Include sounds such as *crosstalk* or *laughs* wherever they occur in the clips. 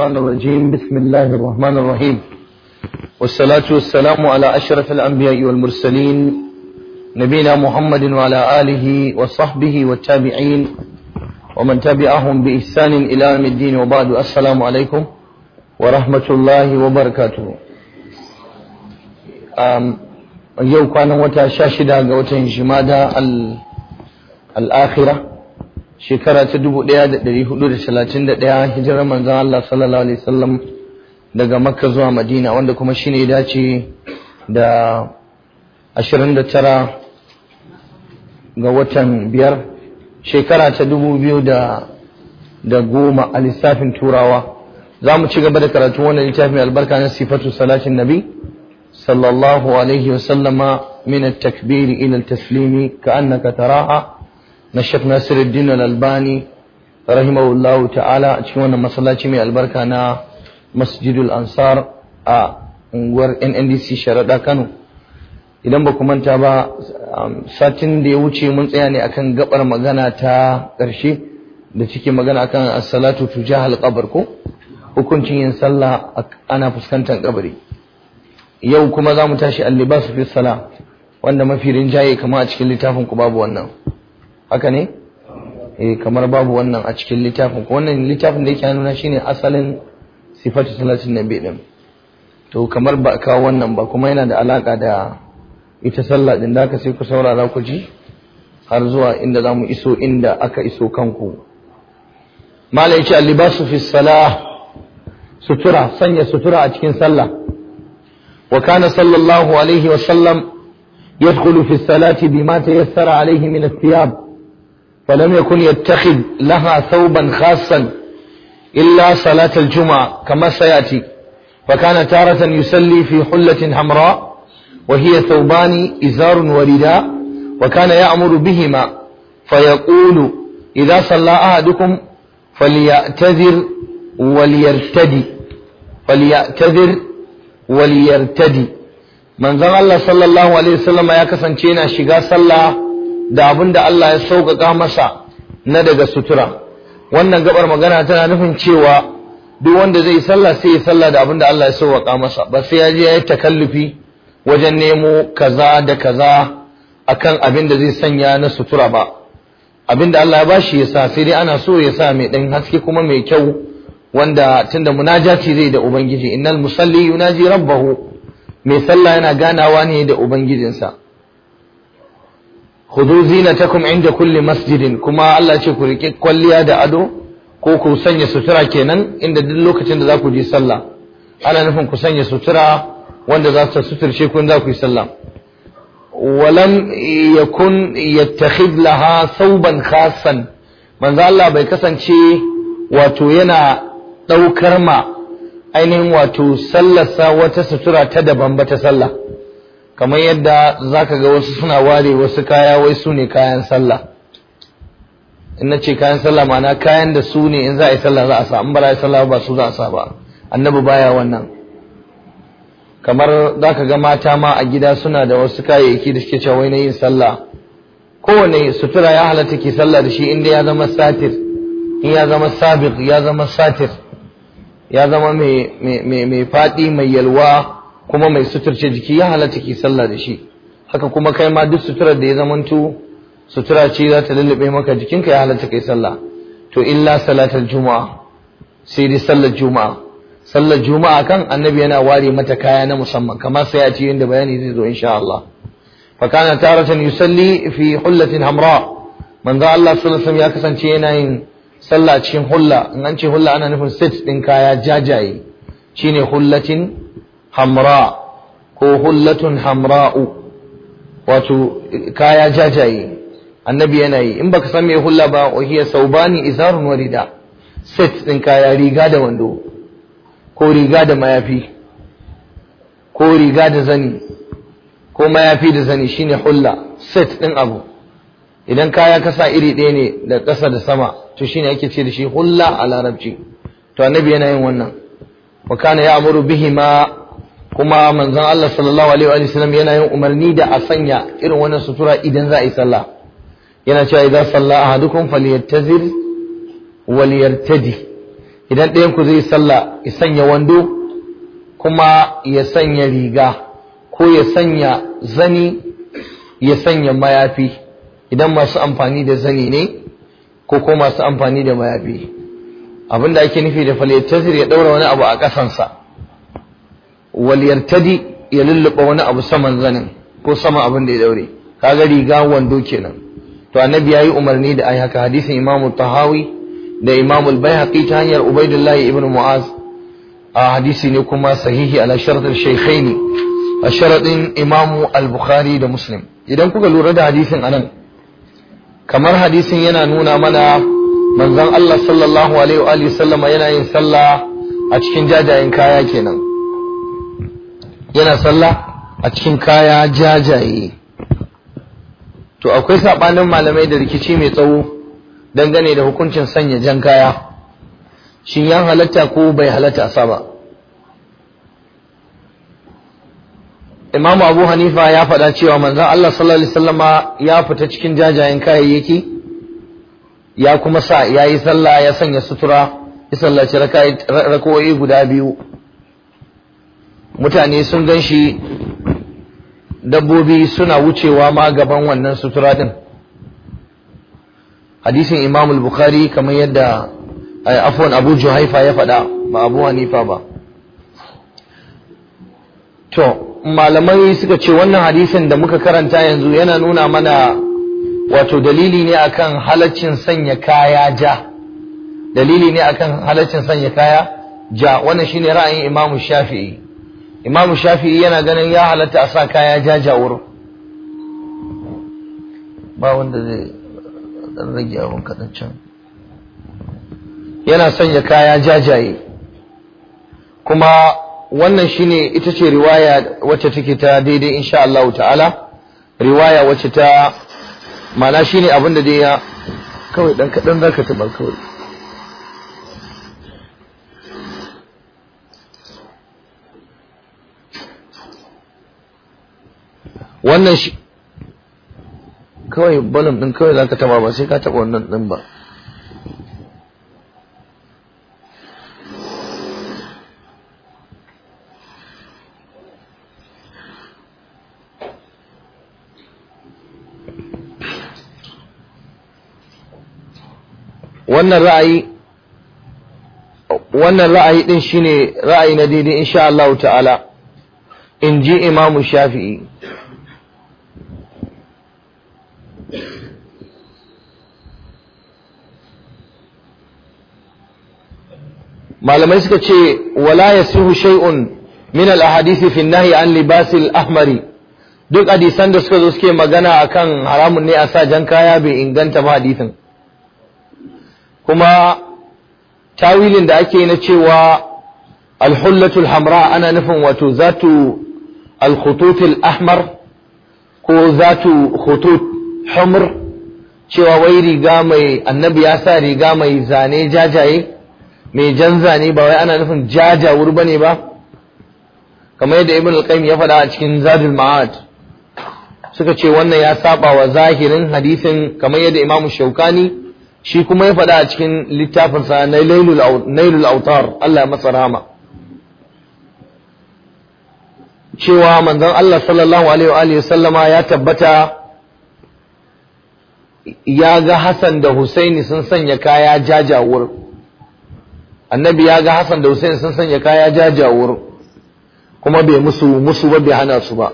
الشيطان الرجيم بسم الله الرحمن الرحيم والصلاة والسلام على أشرف الأنبياء والمرسلين نبينا محمد وعلى آله وصحبه والتابعين ومن تبعهم بإحسان إلى يوم الدين وبعد السلام عليكم ورحمة الله وبركاته yau kwanan wata sha shida ga watan shimada al'akhira shekara ta dubu da da da hudu ɗaya hijirar manzan Allah sallallahu alaihi wasallam daga Makka zuwa Madina wanda kuma shi ne dace da ashirin da tara ga watan biyar shekara ta dubu biyu da goma a lissafin turawa za mu ci gaba da karatu wannan littafin albarka na sifatu salatin nabi sallallahu alaihi wasallama min at takbiri ila at-taslimi ka annaka taraha na Sheikh Nasiruddin Al-Albani rahimahullahu ta'ala a cikin wannan masallaci mai albarka na Masjidul Ansar a unguwar NNDC Sharaɗa Kano idan ba ku manta ba um, satin da ya wuce mun tsaya ne akan gabar magana ta ƙarshe da cike magana akan as-salatu tujahal qabr ko hukuncin yin sallah ana fuskantar kabari yau kuma za mu tashi al-libas fi salah wanda mafi rinjaye kama a cikin littafin ku babu wannan haka ne eh, kamar babu wannan a cikin littafin wannan littafin da yake nuna shine asalin sifatu salatin nabi din to kamar ba kawo wannan ba kuma yana da alaka da ita sallah din da aka sai ku saurara ku ji har zuwa inda zamu iso inda aka iso kanku mala yace al-libasu fi salah sutura sanya sutura a cikin sallah wa kana sallallahu alaihi wa sallam yadkhulu fi salati bima tayassara alaihi min al-thiyab ولم يكن يتخذ لها ثوبا خاصا إلا صلاة الجمعة كما سيأتي فكان تارة يسلي في حلة حمراء وهي ثوبان إزار ورداء وكان يأمر بهما فيقول إذا صلى أحدكم فليعتذر وليرتدي فليعتذر وليرتدي من ذا الله صلى الله عليه وسلم يا كسن شينا شقا صلى da abin da Allah ya sauƙaƙa masa na daga sutura wannan gabar magana tana nufin cewa duk wanda zai sallah sai ya sallah da abin da Allah ya sauƙaƙa masa ba sai ya je ya yi takallufi wajen nemo kaza da kaza akan abin da zai sanya na sutura ba abin da Allah ya bashi ya sa sai dai ana so ya sa mai ɗan haske kuma mai kyau wanda tunda munajaci zai da ubangiji innal musalli yunaji rabbahu mai sallah yana ganawa ne da ubangijinsa khudu zinatakum inda kulli masjidin kuma Allah ce ku rike kwalliya da ado ko ku sanya sutura kenan inda duk lokacin da za ku je sallah ana nufin ku sanya sutura wanda za ta suturce kun za ku yi sallah walam yakun yattakhid laha sauban khasan manzo Allah bai kasance wato yana daukar ma ainihin wato sallarsa wata sutura ta daban ba ta sallah kamar yadda zaka ga wasu suna ware wasu kaya wai su ne kayan sallah in na ce kayan sallah ma'ana kayan da su ne in za a yi sallah za a sa in ba yi sallah ba su za a sa ba annabi baya wannan kamar zaka ga mata ma a gida suna da wasu kayayyaki da suke cewa wai na yin sallah kowane sutura ya halatta ke sallah da shi inda ya zama satir in ya zama sabiq ya zama satir ya zama mai faɗi mai yalwa kuma mai suturce jiki ya halatta ki sallah da shi haka kuma kai ma duk suturar da ya zamanto sutura ce za ta lullube maka jikinka ya halatta kai sallah to illa salatar juma'a sai dai sallar juma'a sallar juma'a kan annabi yana ware mata kaya na musamman kamar sai a ci inda bayani zai zo insha Allah fa kana taratan yusalli fi hullatin hamra manzo Allah sallallahu alaihi ya kasance yana yin sallah cikin hulla in an ce hulla ana nufin set din kaya jajaye shine hullatin hamra ko hullatun hamra'u wato kaya jajaye annabi yana yi in baka san me hulla ba wa hiya saubani izarun warida set din kaya riga da wando ko riga da mayafi ko riga da zani ko mayafi da zani shine hulla set din abu idan kaya kasa iri ɗaya ne da ƙasa da sama to shine ake ce da shi hulla a larabci to annabi yana yin wannan wa kana bihi ma. kuma manzon Allah sallallahu alaihi wa sallam yana yin umarni da a sanya irin wannan sutura idan za a yi sallah yana cewa idan sallah ahadukum falyattazir walyartadi idan ɗayan ku zai sallah ya sanya wando kuma ya sanya riga ko ya sanya zani ya sanya mayafi idan masu amfani da zani ne ko ko masu amfani da mayafi abinda ake nufi da falyattazir ya daura wani abu a ƙasansa wal yartadi ya lulluɓa wani abu saman zanin ko sama abin da ya daure kaga riga wando kenan to annabi yayi umarni da ai haka hadisin imamu tahawi da imamu al ta hanyar ubaidullah ibn mu'az a hadisi ne kuma sahihi ala sharatul shaykhain a imamu al da muslim idan kuka lura da hadisin anan kamar hadisin yana nuna mana manzon Allah sallallahu alaihi wa sallama yana yin sallah a cikin jajayen kaya kenan yana sallah a cikin kaya jajaye to akwai saɓanin malamai da rikici mai tsawo dangane da hukuncin sanya jan kaya shin ya halatta ko bai halatta sa ba Imam abu hanifa ya faɗa cewa manzon allah sallallahu alaihi wasallama ya fita cikin jajayen kayayyaki ya kuma sa yayi sallah ya sanya sutura ya sallaci rakoi guda biyu mutane sun gan shi dabbobi suna wucewa ma gaban wannan sutura din hadisin imamul bukhari kamar yadda eh, afwan abu juhaifa ya faɗa ba abu hanifa ba to malamai suka ce wannan hadisin da muka karanta yanzu yana nuna mana wato dalili ne akan halaccin sanya kaya ja dalili ne akan halaccin sanya kaya ja wannan shine ra'ayin imam shafi'i imamu shafi'i yana ganin ya halatta a sa kaya jajawur ba wanda zai dan rage abin kaɗan can yana sanya kaya jajaye kuma wannan shine ita ce riwaya wacce take ta daidai insha Allah ta'ala riwaya wacce ta mana shine abin da dai ya kawai dan kadan zaka taɓa kawai wannan shi kawai balon ɗin kawai za ka taba ba sai ka taba wannan ɗin ba wannan ra'ayi wannan ra'ayi din shine ra'ayi na daidai insha Allah ta'ala in ji imamu Shafi'i malamai suka ce wala suhu shay'un min al ahadisi fi an-nahyi an libasil ahmari duk hadisan da suka zo suke magana akan haramun ne a sa jan kaya bai inganta ba hadisin kuma tawilin da ake na cewa alhullatul hamra ana nufin wato zatu al ahmar ko zatu khutut humr cewa wai riga mai annabi ya sa riga mai zane jajaye mai jan zane ba wai ana nufin jajawur bane ba kamar yadda ibn al-qayyim ya faɗa a cikin zadul ma'ad suka ce wannan ya saba wa zahirin hadisin kamar yadda imamu shaukani shi kuma ya faɗa a cikin littafin sa na nailul autar Allah masa rahama cewa manzon Allah sallallahu alaihi wa sallama ya tabbata ya ga Hassan da Husaini sun sanya kaya jajawur annabi ya ga Hassan da Hussein sun sanya kaya jajawur kuma bai musu musu ba bai hana su ba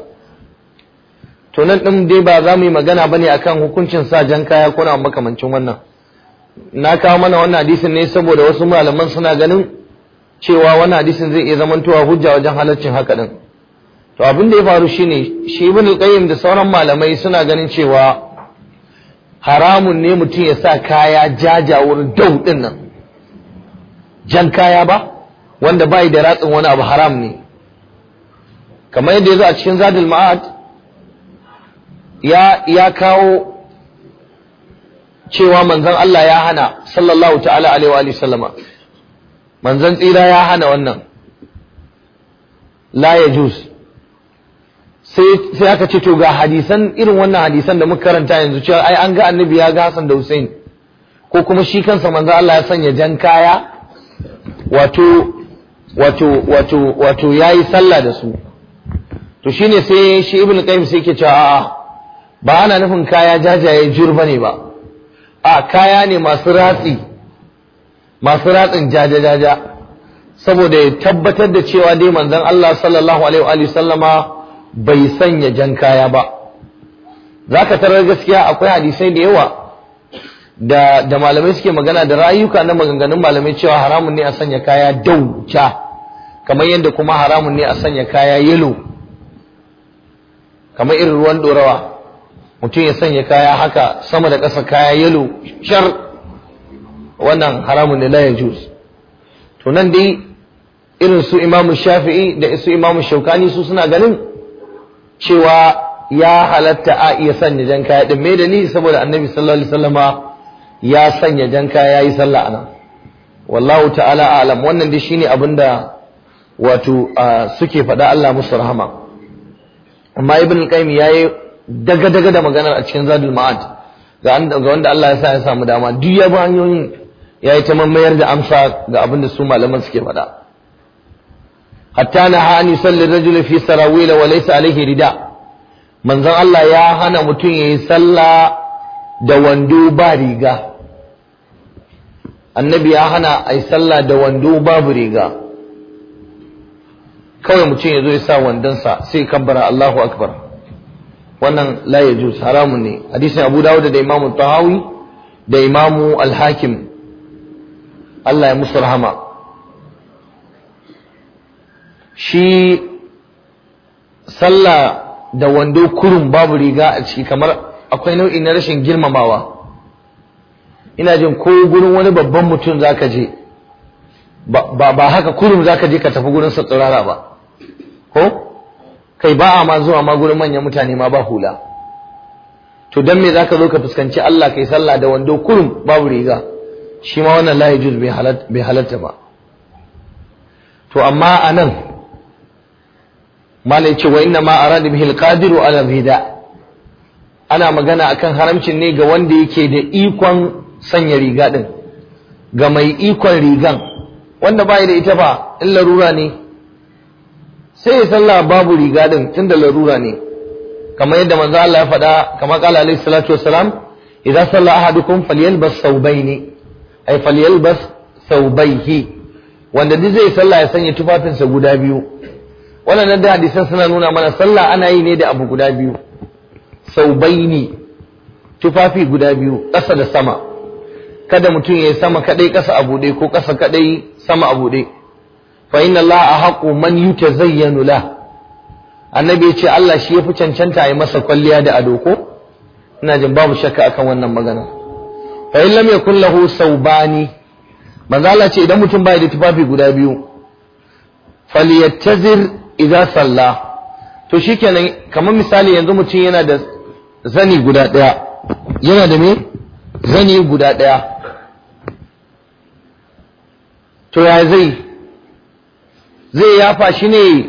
to nan din dai ba za mu yi magana ba ne akan hukuncin sa jan kaya ko na makamancin wannan na kawo mana wannan hadisin ne saboda wasu malaman suna ganin cewa wannan hadisin zai iya zamantowa hujja wajen halaccin haka din to abin da ya faru shine shi ibn al-qayyim da sauran malamai suna ganin cewa haramun ne mutum ya sa kaya jajawar dau din nan jan kaya ba wanda bai da ratsin wani abu haram ne kamar yadda ya zo a cikin zadul ma'ad ya ya kawo cewa manzon Allah ya hana sallallahu ta'ala alaihi wa sallama manzon tsira ya hana wannan la jus sai aka ce to ga hadisan irin wannan hadisan da muka karanta yanzu cewa ai an ga annabi ya ga Hassan da Hussein ko kuma shi kansa manzon Allah ya sanya jan kaya wato wato wato wato yayi sallah da su to shine sai shi ibnu qayyim sai yake cewa a'a ba ana nufin kaya jajaye jur bane ba a kaya ne masu ratsi masu ratsin jaja jaja saboda ya tabbatar da cewa dai manzon Allah sallallahu alaihi wa sallama bai sanya jan kaya ba zaka tarar gaskiya akwai hadisai da yawa da da malamai suke magana da rayuka na maganganun malamai cewa haramun ne a sanya kaya dauca kamar yadda kuma haramun ne a sanya kaya yelo kamar irin ruwan dorawa mutum ya sanya kaya haka sama da ƙasa kaya yelo shar wannan haramun ne layan jus to nan dai irin su imamu shafi'i da su imamu shaukani su suna ganin cewa ya halatta a iya sanya jan kaya din me ni saboda annabi sallallahu alaihi wasallama ya sanya janka ya yi sallah anan wallahu ta'ala alam wannan dai shine abinda wato suke faɗa Allah musu rahama amma ibn al-qayyim yayi daga daga da maganar a cikin zadul ma'ad ga wanda Allah ya sa ya samu dama duk ya bi hanyoyin yayi ta mamayar da amsa ga abinda su malaman suke faɗa hatta na hani sallir rajul fi sarawila wa laysa alayhi rida manzon Allah ya hana mutum yayi sallah da wando ba riga annabi ya hana a yi sallah da wando babu riga kawai mutum ya zo ya sa wandonsa sai kabbara Allahu akbar wannan la ya juz haramun ne hadisin Abu Dawud da Imam Tahawi da Imam Al-Hakim Allah ya musu rahama shi sallah da wando kurun babu riga a ciki kamar akwai nau'i na rashin girmamawa ina jin ko gurin wani babban mutum zaka je ba haka kurum zaka je ka tafi gurin sa ba ko kai ba a ma zuwa ma gurin manyan mutane ma ba hula to dan me zaka zo ka fuskanci Allah kai sallah da wando kurum babu riga shi ma wannan la yajuz bai halatta ba to amma anan malai ce wa inna ma arada bihi alqadiru ala bida ana magana akan haramcin ne ga wanda yake da ikon sanya riga ɗin ga mai ikon rigan wanda ba da ita ba in larura ne sai ya sallah babu riga din da larura ne kamar yadda manzo Allah ya faɗa kamar qala alaihi salatu wassalam idza salla ahadukum falyalbas thawbayni ay falyalbas thawbayhi wanda duk zai sallah ya sanya tufafinsa guda biyu wannan da hadisan suna nuna mana sallah ana yi ne da abu guda biyu ne tufafi guda biyu ƙasa da sama kada mutum ya sama kadai kasa a bude ko kasa kadai sama a bude fa inna allaha ahaqu man yutazayyanu la annabi ce Allah shi yafi cancanta a yi masa kwalliya da ado ko ina jin babu shakka akan wannan magana fa in lam yakul lahu saubani manzo Allah ce idan mutum bai da tufafi guda biyu falyatazir idza salla to shikenan kamar misali yanzu mutum yana da zani guda daya yana da me zani guda daya to ya zai zai yafa shi ne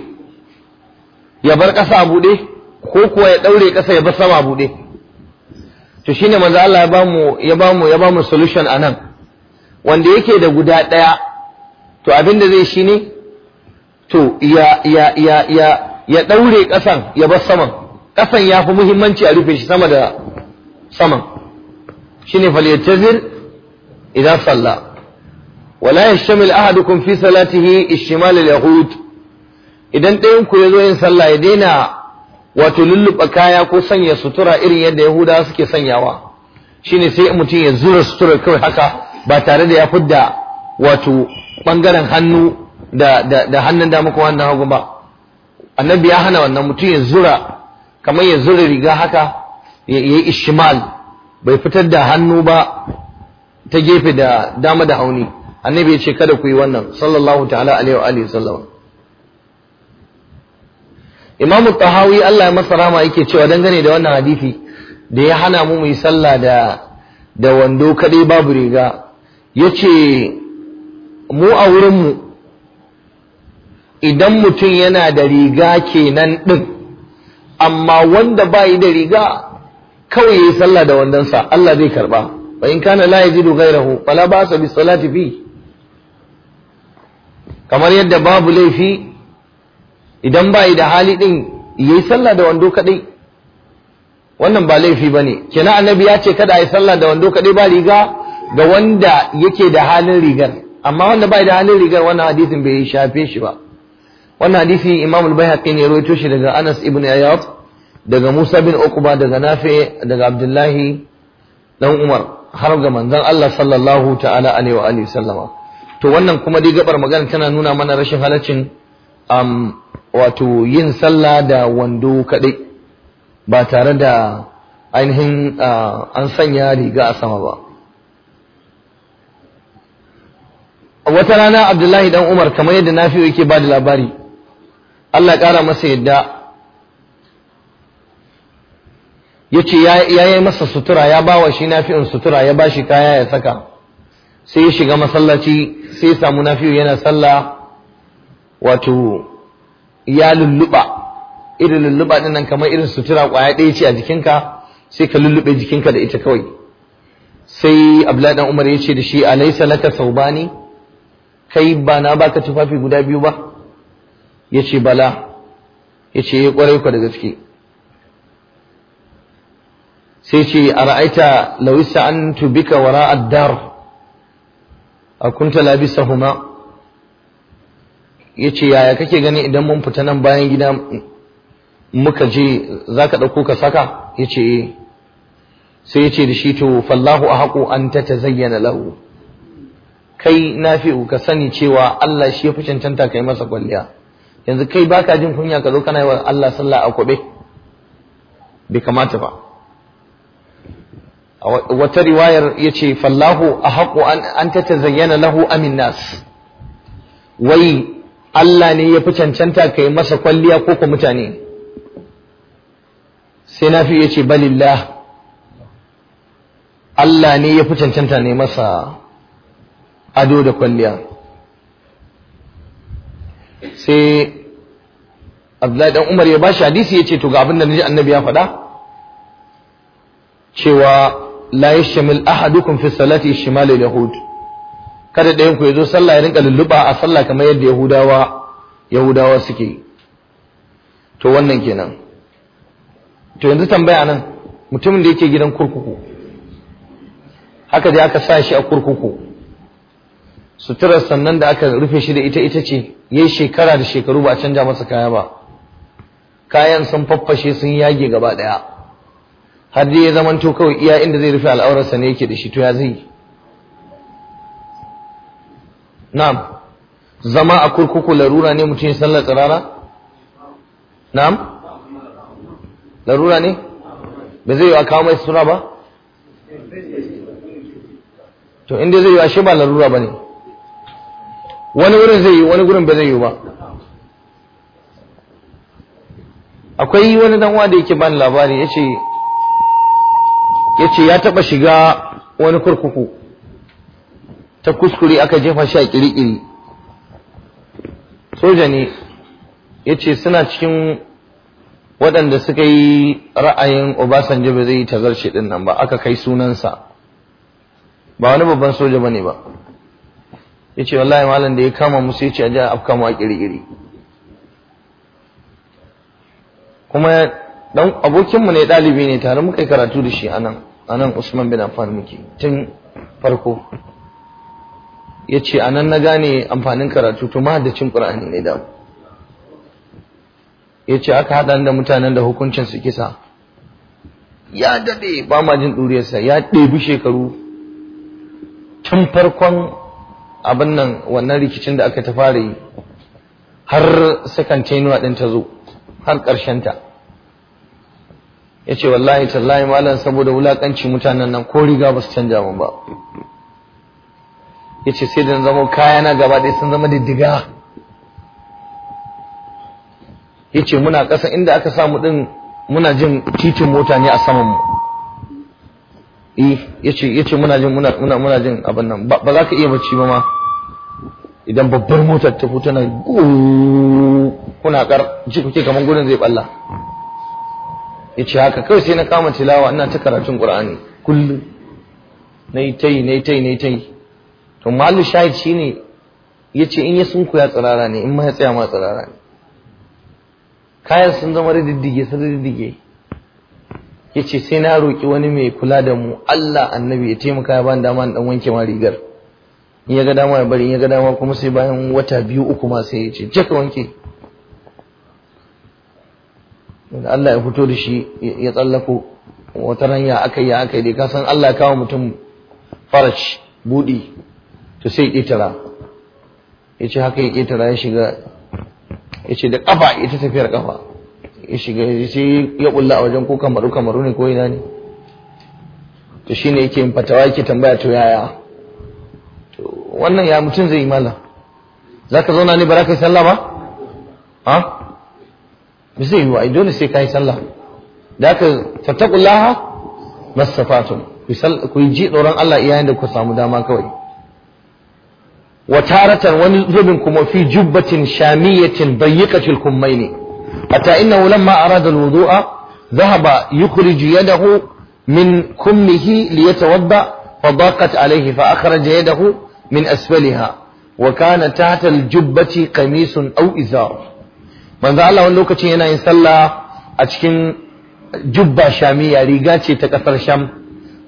ya bar ƙasa buɗe ko kuwa ya ɗaure ƙasa ya bar sama buɗe to shine maza Allah ya mu ya ba mu solution a anan wanda yake da guda ɗaya to abin zai shi ne to ya ya ya ya ya ɗaure ƙasan ya bar saman ƙasan ya fi muhimmanci a rufe shi sama da saman shine falyattazir idan sallah wala yashtamil ahadukum fi salatihi ishtimal al-yahud idan ɗayan ku zo yin sallah ya daina wato lulluɓa kaya ko sanya sutura irin yadda yahudawa suke sanyawa shine sai mutum ya zura sutura kawai haka ba tare da ya fidda wato ɓangaren hannu da da da hannun dama ko hannun hagu ba annabi ya hana wannan mutum ya zura kamar ya zura riga haka ya yi ishmal bai fitar da hannu ba ta gefe da dama da hauni annabi ya ce kada ku yi wannan sallallahu ta'ala alaihi wa alihi sallama imam tahawi Allah ya masa rama yake cewa dangane da wannan hadisi da ya hana mu yi sallah da da wando kadai babu riga yace mu a wurin mu idan mutum yana da riga kenan din amma wanda bai da riga kawai yayi sallah da wandonsa Allah zai karba wa in kana la yajidu ghayrahu fala ba'sa bis salati fi kamar yadda babu laifi idan ba da hali din yi sallah da wando kaɗai. wannan ba laifi bane kenan annabi ya ce kada a yi sallah da wando kaɗai ba riga ga wanda yake da halin rigar amma wanda bai da halin rigar wannan hadisin bai shafe shi ba wannan hadisi Imam al-Baihaqi ne rawaito shi daga Anas ibn Ayyaf, daga Musa bin Uqba daga Nafi daga Abdullahi dan Umar har ga manzon Allah sallallahu ta'ala alaihi wa sallama to wannan kuma dai gabar magana tana nuna mana rashin halaccin um, wato yin sallah da wando kaɗai ba tare da ainihin an sanya riga a sama ba wata rana abdullahi dan umar kamar yadda nafi'u yake ba da labari allah ƙara masa yadda ya ce ya yi masa sutura ya ba wa shi nafi'un sutura ya ba shi kaya ya saka sai ya shiga masallaci sai ya samu nafiyu yana sallah wato ya lulluɓa irin lulluɓa ɗin nan kamar irin sutura ƙwaya ɗaya ce a jikinka sai ka lulluɓe jikinka da ita kawai sai abdullahi dan umar ya ce da shi alaysa laka saubani kai ba na baka tufafi guda biyu ba yace bala yace ya kwarai eh, ku da gaske sai ce ara'aita law antu bika wara ad-dar a kunta labisahuma ya ce yaya kake gani idan mun fita nan bayan gida muka je za ka ɗauko ka saka ya ce eh. sai ya ce da shi to fallahu a haƙo an ta zayyana lahu kai na fi ka sani cewa Allah shi ya fi cancanta kai masa kwalliya yanzu kai baka jin kunya ka zo kana yi wa Allah sallah a kwabe bai kamata ba wata riwayar ya ce fallahu a haƙo an ta zayyana lahu amin nas wai Allah ne ya fi cancanta ka yi masa kwalliya ko ku mutane sai na fi ya ce balillah Allah ne ya fi cancanta ne masa ado da kwalliya sai Abdullahi dan Umar ya bashi hadisi ya ce to ga abin da annabi ya faɗa cewa la yashmil ahadukum fi salati shimal yahud kada dayan ku yazo sallah ya rinka lulluba a sallah kamar yadda yahudawa yahudawa suke to wannan kenan to yanzu tambaya nan mutumin da yake gidan kurkuku haka dai aka sa shi a kurkuku suturar sannan da aka rufe shi da ita ita ce yayi shekara da shekaru ba a canja masa kaya ba kayan sun faffashe sun yage gaba daya har dai ya zamanto kawai iya inda zai rufe al'aurarsa ne yake da shi to ya zai na'am zama a kurkuku larura ne mutum ya sallar tsirara na'am larura ne ba zai yi a kawo mai sura ba to inda zai yi shi ba larura ba ne wani wurin zai yi wani gurin ba zai yi ba akwai wani dan da yake bani labari ya ce ya ce ya taɓa shiga wani kurkuku ta kuskure aka jefa shi a kirikiri soja ne ya ce suna cikin waɗanda suka yi ra'ayin obasanjo ba zai yi tazarce ɗin nan ba aka kai sunansa ba wani babban soja ba ne ba ya ce wallahi malam da ya kama musu ya ce a a afka mu a kirikiri kuma dan abokinmu ne ɗalibi ne tare muka yi karatu da shi anan anan Usman bin Affan muke tun farko ya ce anan na gane amfanin karatu to ma da cin ne da ya ce aka haɗa da mutanen da hukuncin su kisa ya daɗe ba ma jin ɗuriyarsa ya ɗebi shekaru tun farkon abin nan wannan rikicin da aka ta fara yi har sakan din ɗin ta zo har ƙarshenta ta ya ce wallahi tallahi malam saboda wulakanci mutanen nan ko riga ba su canja min ba ya ce sai da zama kayana gaba ɗaya sun zama diddiga ya ce muna ƙasa inda aka samu ɗin muna jin titin mota ne a mu eh, ya ce muna jin muna jin abin nan ba za ka iya bacci ba ma idan babbar motar ta fito tana kuna kar ji kuke kamar gudun zai balla yace haka kawai sai na kama tilawa ina ta karatun qur'ani kullum ta yi na yi ta yi to mallu shahid ya yace in ya sun ya tsirara ne in ma ya tsaya ma tsirara ne kayan sun zama riddige sun riddige yace sai na roƙi wani mai kula da mu Allah annabi ya taimaka ya bani dama dan wanke ma rigar in ya ga dama ya bari in ya ga dama kuma sai bayan wata biyu uku ma sai ya ce je wanke Allah ya fito da shi ya tsallako wata ran ya aka yi aka dai ka Allah ya kawo mutum farash budi to sai ƙetara ya ce haka ya ƙetara ya shiga ya ce da ƙafa ita tafiyar ƙafa ya shiga ya ce ya ƙulla a wajen ko kamaru kamaru ne ko ina ne to shine yake fatawa yake tambaya to yaya to wannan ya mutum zai yi mala ka zauna ne ba za ka yi sallah ba ha ba zai yi wa dole sai kai sallah da ka fattaqullaha masafatun ku ji tsoron Allah iyayen da ku samu dama kawai wa wani zubin kuma fi jubbatin shamiyatin bayyikatil kummaini hatta innahu lamma arada alwudu'a dhahaba yukhriju yadahu min kummihi liyatawadda فضاقت عليه فأخرج min من أسفلها وكان تحت الجبة قميص أو إزار manzo Allah wani lokacin yana yin sallah a cikin jubba shamiya riga ce ta kasar sham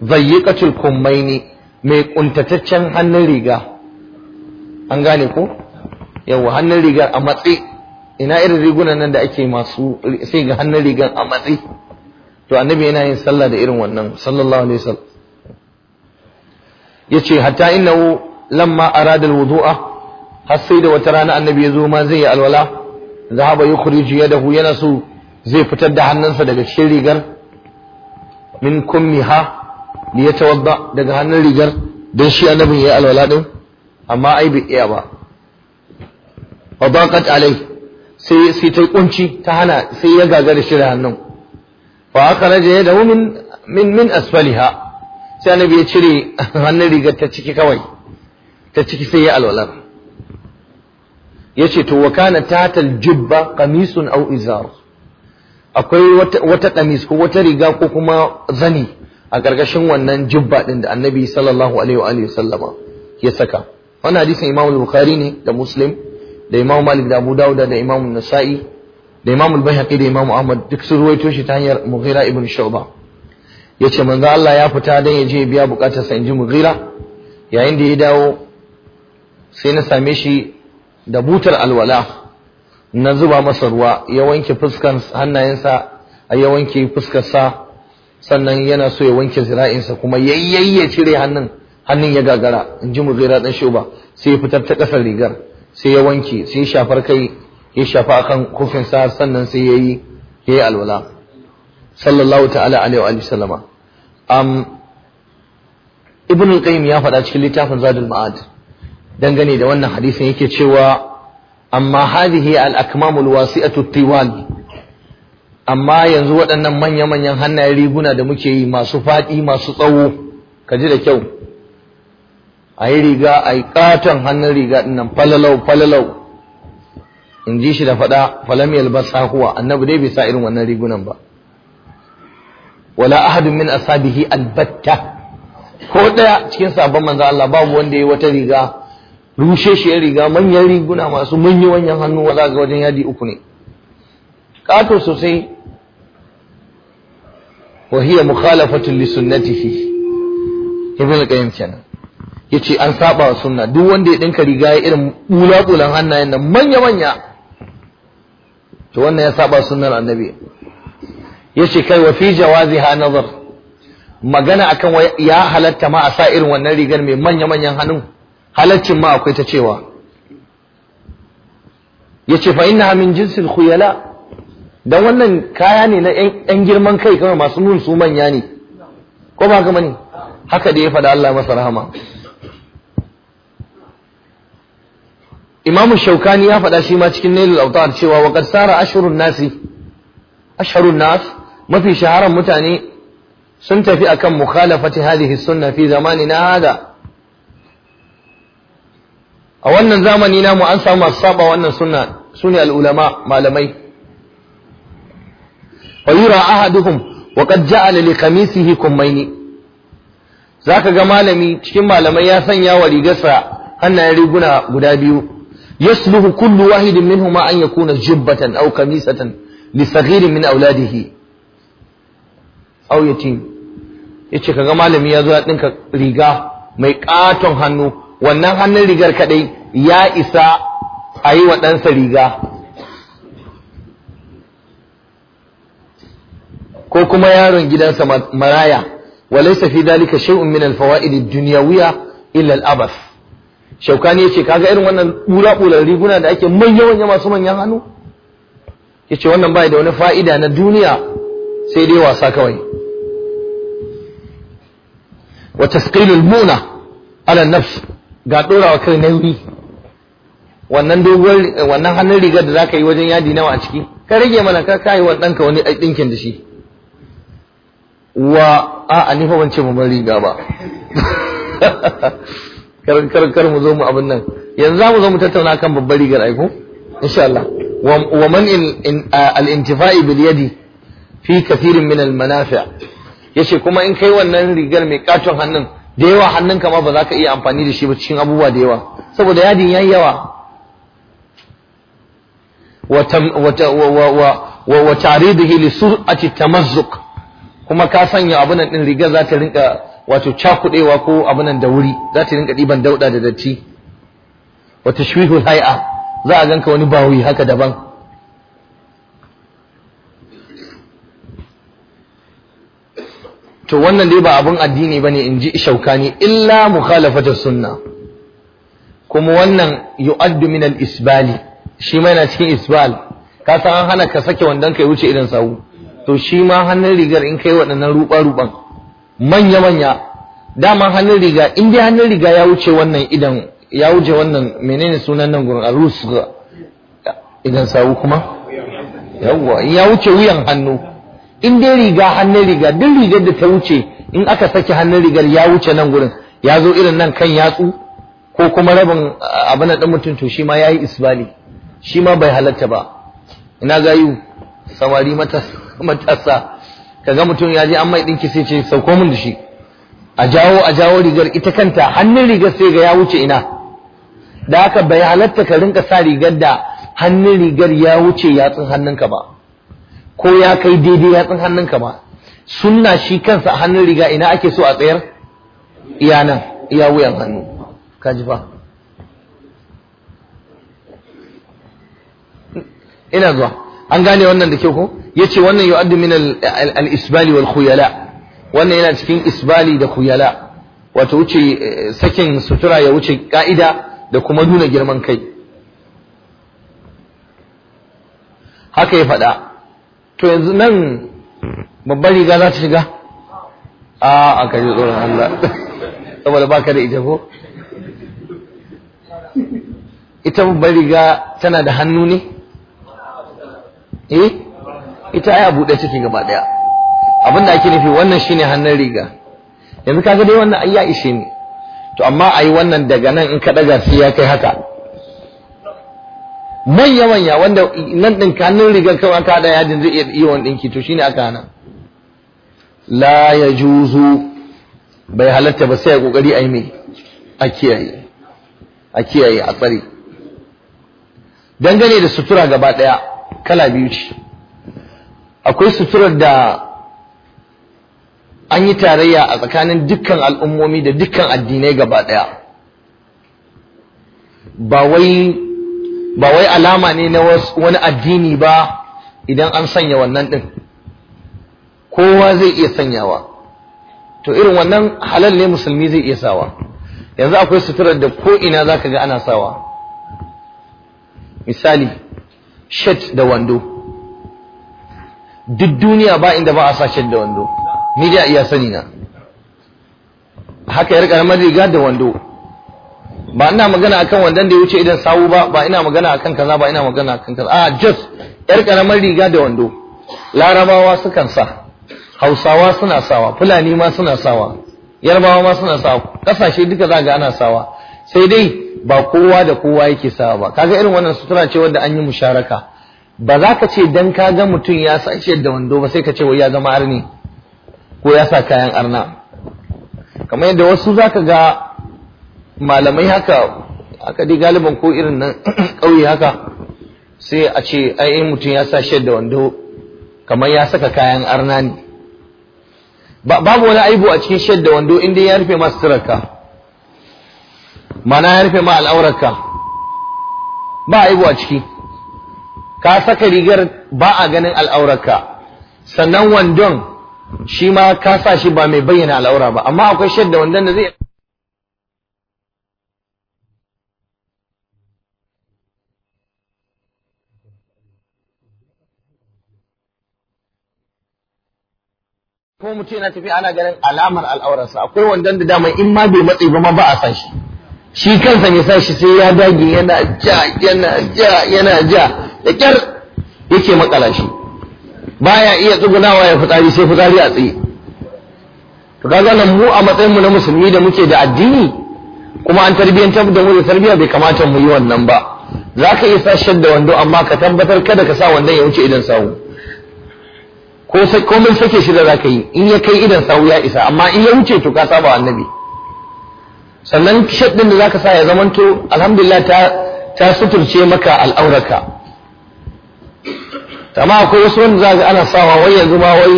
zayyiqatul kumaini mai kuntataccen hannun riga an gane ko yawa hannun riga a matsi ina irin rigunan nan da ake masu sai ga hannun riga a matsi to annabi yana yin sallah da irin wannan sallallahu alaihi wasallam yace hatta innahu lamma arada alwudu'a har sai da wata rana annabi ya zo ma zai yi alwala zahaba yukhriju yadahu yana so zai fitar da hannunsa daga cikin rigar min kummiha li yatawadda daga hannun rigar dan shi annabin yayi alwala din amma ai bai iya ba fadaqat alai sai sai ta kunci ta hana sai ya gagara shi da hannun fa akhraja yadahu min min min asfaliha sai annabi ya cire hannun rigar ta ciki kawai ta ciki sai ya alwala yace to wakana tatal jubba qamisun aw izar akwai wata kamis ko wata riga ko kuma zani a gargashin wannan jubba din da annabi sallallahu alaihi wa alihi sallama ya saka wannan hadisin imamul bukhari ne da muslim da imamu malik da abu dauda da imamu nasa'i da imam al-bayhaqi da imamu ahmad duk sun ruwaito shi ta hanyar mughira ibn shu'ba yace manzo Allah ya fita dan ya je biya bukatar sa inji mughira yayin da ya dawo sai na same shi da butar alwala na zuba masa ruwa ya wanke fuskan hannayensa a ya wanke fuskarsa sannan yana so ya wanke zira'insa kuma ya cire hannun hannun ya gagara in ji mugira dan ba sai ya fitar ta kasar rigar sai ya wanke sai ya shafar kai ya shafa akan kufin sa sannan sai yayi yayi alwala sallallahu ta'ala alaihi wa sallama um ibn qayyim ya faɗa cikin littafin zadul ma'ad dangane da wannan hadisin yake cewa amma hadhihi al-akmamul wasi'atu tiwal amma yanzu waɗannan manya-manyan hannayen riguna da muke yi masu faɗi masu tsawo kaji da kyau a riga a yi ƙaton hannun riga nan falalau falalau in ji shi da faɗa falam yalbasa huwa annabi dai bai sa irin wannan rigunan ba wala ahadun min asabihi albatta ko ɗaya cikin sabon manzo Allah babu wanda ya yi wata riga rushe shi riga manyan riguna masu manyi wanyan hannu wala ga wajen yadi uku ne kato sosai wa hiya mukhalafatu li sunnatihi ibn al-qayyim Ya yace an saba wa sunna duk wanda ya dinka riga ya irin bulatulan hannayen nan manya manya to wannan ya saba sunnar annabi yace kai wa fi jawaziha nazar magana akan ya halatta ma a sa irin wannan rigar mai manya manyan hannu halaccin ma akwai ta cewa yace fa innaha min jinsil khuyala dan wannan kaya ne na yan girman kai kamar masu nun su manya ne ko ba ga mani haka da ya faɗa Allah masa rahama Imam Shaukani ya faɗa shi ma cikin al Awtar cewa wa qad sara ashrun nasi nas mafi shaharan mutane sun tafi akan mukhalafati hadhihi sunna fi zamanina hada a wannan zamani namu an samu masu saba wannan sunna sune al'ulama malamai wa yura ahaduhum wa qad ja'ala li qamisihi Za zaka ga malami cikin malamai ya sanya wa rigarsa hannayen riguna guda biyu yasluhu kullu wahidin minhuma an yakuna jibbatan aw kamisatan li saghirin min auladihi aw yatim yace kaga malami ya zo ya dinka riga mai ƙaton hannu wannan hannun rigar kadai ya isa a yi wa ɗansa riga ko kuma yaron gidansa maraya walaysa fi dalika shay'un min al-fawaid ad-dunyawiyya illa al-abath shaukani yace kaga irin wannan dura bulan riguna da ake manya manya masu manyan hannu yace wannan bai da wani fa'ida na duniya sai dai wasa kawai wa tasqilul muna ala nafs ga ɗorawa kai nauyi wannan dogon wannan hannun rigar da zaka yi wajen yadi nawa a ciki ka rage mana ka kai wa ɗanka wani ɗinkin da shi wa a fa ban ce mu riga ba *laughs* kar kar kar mu zo mu abin nan yanzu za mu zo mu tattauna kan babbar rigar aiko insha Allah wa man al-intifa'i bil yadi fi kathirin min al-manafi' yace kuma in kai wannan rigar mai katon hannun da yawa hannunka ma ba za ka iya amfani da shi ba cikin abubuwa da yawa saboda yadin ya yi yawa wa tare da sur a ci tamazzuk? kuma ka sanya abunan ɗin riga za ta rinka wato cakudewa ko abinan da wuri za ta rinka ɗiban dauɗa da datti wa tashwihul hay'a za a ganka wani bawi haka daban to wannan dai ba abin addini bane ji shaukani illa mukhalafatu sunna kuma wannan yu'addu min al-isbali shi ma yana cikin isbal ka san an hana ka sake wandan kai wuce irin sawu to shi ma hannun rigar in kai waɗannan ruba ruban manya manya dama hannun riga in dai hannun riga ya wuce wannan idan ya wuce wannan menene sunan nan gurin arus idan sawu kuma yawwa ya wuce wuyan hannu in dai riga hannun riga duk rigar da ta wuce in aka saki hannun rigar ya wuce nan gurin ya zo irin nan kan yatsu ko kuma rabin abin da mutum to shi ma ya yi isbali shi ma bai halatta ba ina ga samari *laughs* matasa kaga mutum ya je an mai ɗinki sai ce sauko min da shi a jawo a jawo rigar ita kanta hannun rigar sai ga ya wuce ina da haka bai halatta ka rinka sa rigar da hannun rigar ya wuce yatsun hannunka ba ko ya kai daidai yatsun hannunka ba sunna shi kansa hannun riga ina ake so a tsayar iya nan iya wuyan hannu ka ji ba ina zuwa an gane wannan da ke ko ce wannan yu'addu min al-isbali wal khuyala wannan yana cikin isbali da khuyala wato wuce eh, sakin sutura ya wuce ka'ida da kuma nuna girman kai haka ya faɗa to yanzu nan babbar riga za ta shiga a kan yi tsoron Allah saboda baka da ita ko ita babbar riga tana da hannu ne eh ita ai a buɗe take gaba daya abinda ake nufi wannan shine hannun riga yanzu kaga dai wannan ai ya ishe ni to amma yi wannan daga nan in ka daga sai ya kai haka manya manya wanda nan din kanun rigar kawai aka hada yadin zai iya wani dinki to shine aka hana la yajuzu bai halatta ba sai ya kokari a yi mai a kiyaye a kiyaye a tsare dangane da sutura gaba daya kala biyu ce akwai suturar da an yi tarayya a tsakanin dukkan al'ummomi da dukkan addinai gaba ɗaya. ba wai ba wai alama ne na wani addini ba idan an sanya wannan din kowa zai iya sanyawa to irin wannan halal ne musulmi zai iya sawa yanzu akwai suturar da ko ina ka ga ana sawa misali shirt da wando duk duniya ba inda ba a sa shirt da wando ni da iya sani na haka ya karamar riga da wando ba ina magana akan wandan da ya wuce idan sawu ba ba ina magana akan kaza ba ina magana akan kaza a just yar karamar riga da wando larabawa sukan sa hausawa suna sawa fulani ma suna sawa yarbawa ma suna sawa kasashe duka za ga ana sawa sai dai ba kowa da kowa yake sawa ba kaga irin wannan sutura ce wanda an yi musharaka ba za ka ce dan ka ga mutum ya sa shi da wando ba sai ka ce wai ya zama arni ko ya sa kayan arna kamar yadda wasu za ka ga malamai haka aka dai galiban ko irin nan *clears throat* ƙauye haka sai a ce ai mutum ya sa da wando kamar ya saka kayan arna ne babu wani aibu a cikin da wando inda ya rufe masu sirarka mana ya rufe ma al'aurarka ba aibu a ciki ka saka rigar ba a ganin al'aurarka sannan wandon shi ma ka sa shi ba mai bayyana al'aura ba amma akwai shadda wandon da zai ko mutum na tafiya ana ganin alamar al'aurarsa akwai wandan da dama in ma bai matsayi ba ma ba a san shi shi kansa ne sa shi sai ya dage yana ja yana ja yana ja da kyar yake makala shi baya iya tsugunawa ya fitsari sai fitsari a tsaye to kaga nan mu a matsayin mu na musulmi da muke da addini kuma an tarbiyyantar da mu da tarbiyya bai kamata mu yi wannan ba zaka iya sashar da wando amma ka tabbatar kada ka sa wandon ya wuce idan sawo ko sai komai sake shi da zaka yi in ya kai idan sawu ya isa amma in ya wuce to ka saba annabi sannan shaddin da zaka sa ya zamanto alhamdulillah ta ta suturce maka al'auraka amma akwai wasu wanda zaka ana sawa wai yanzu ma wai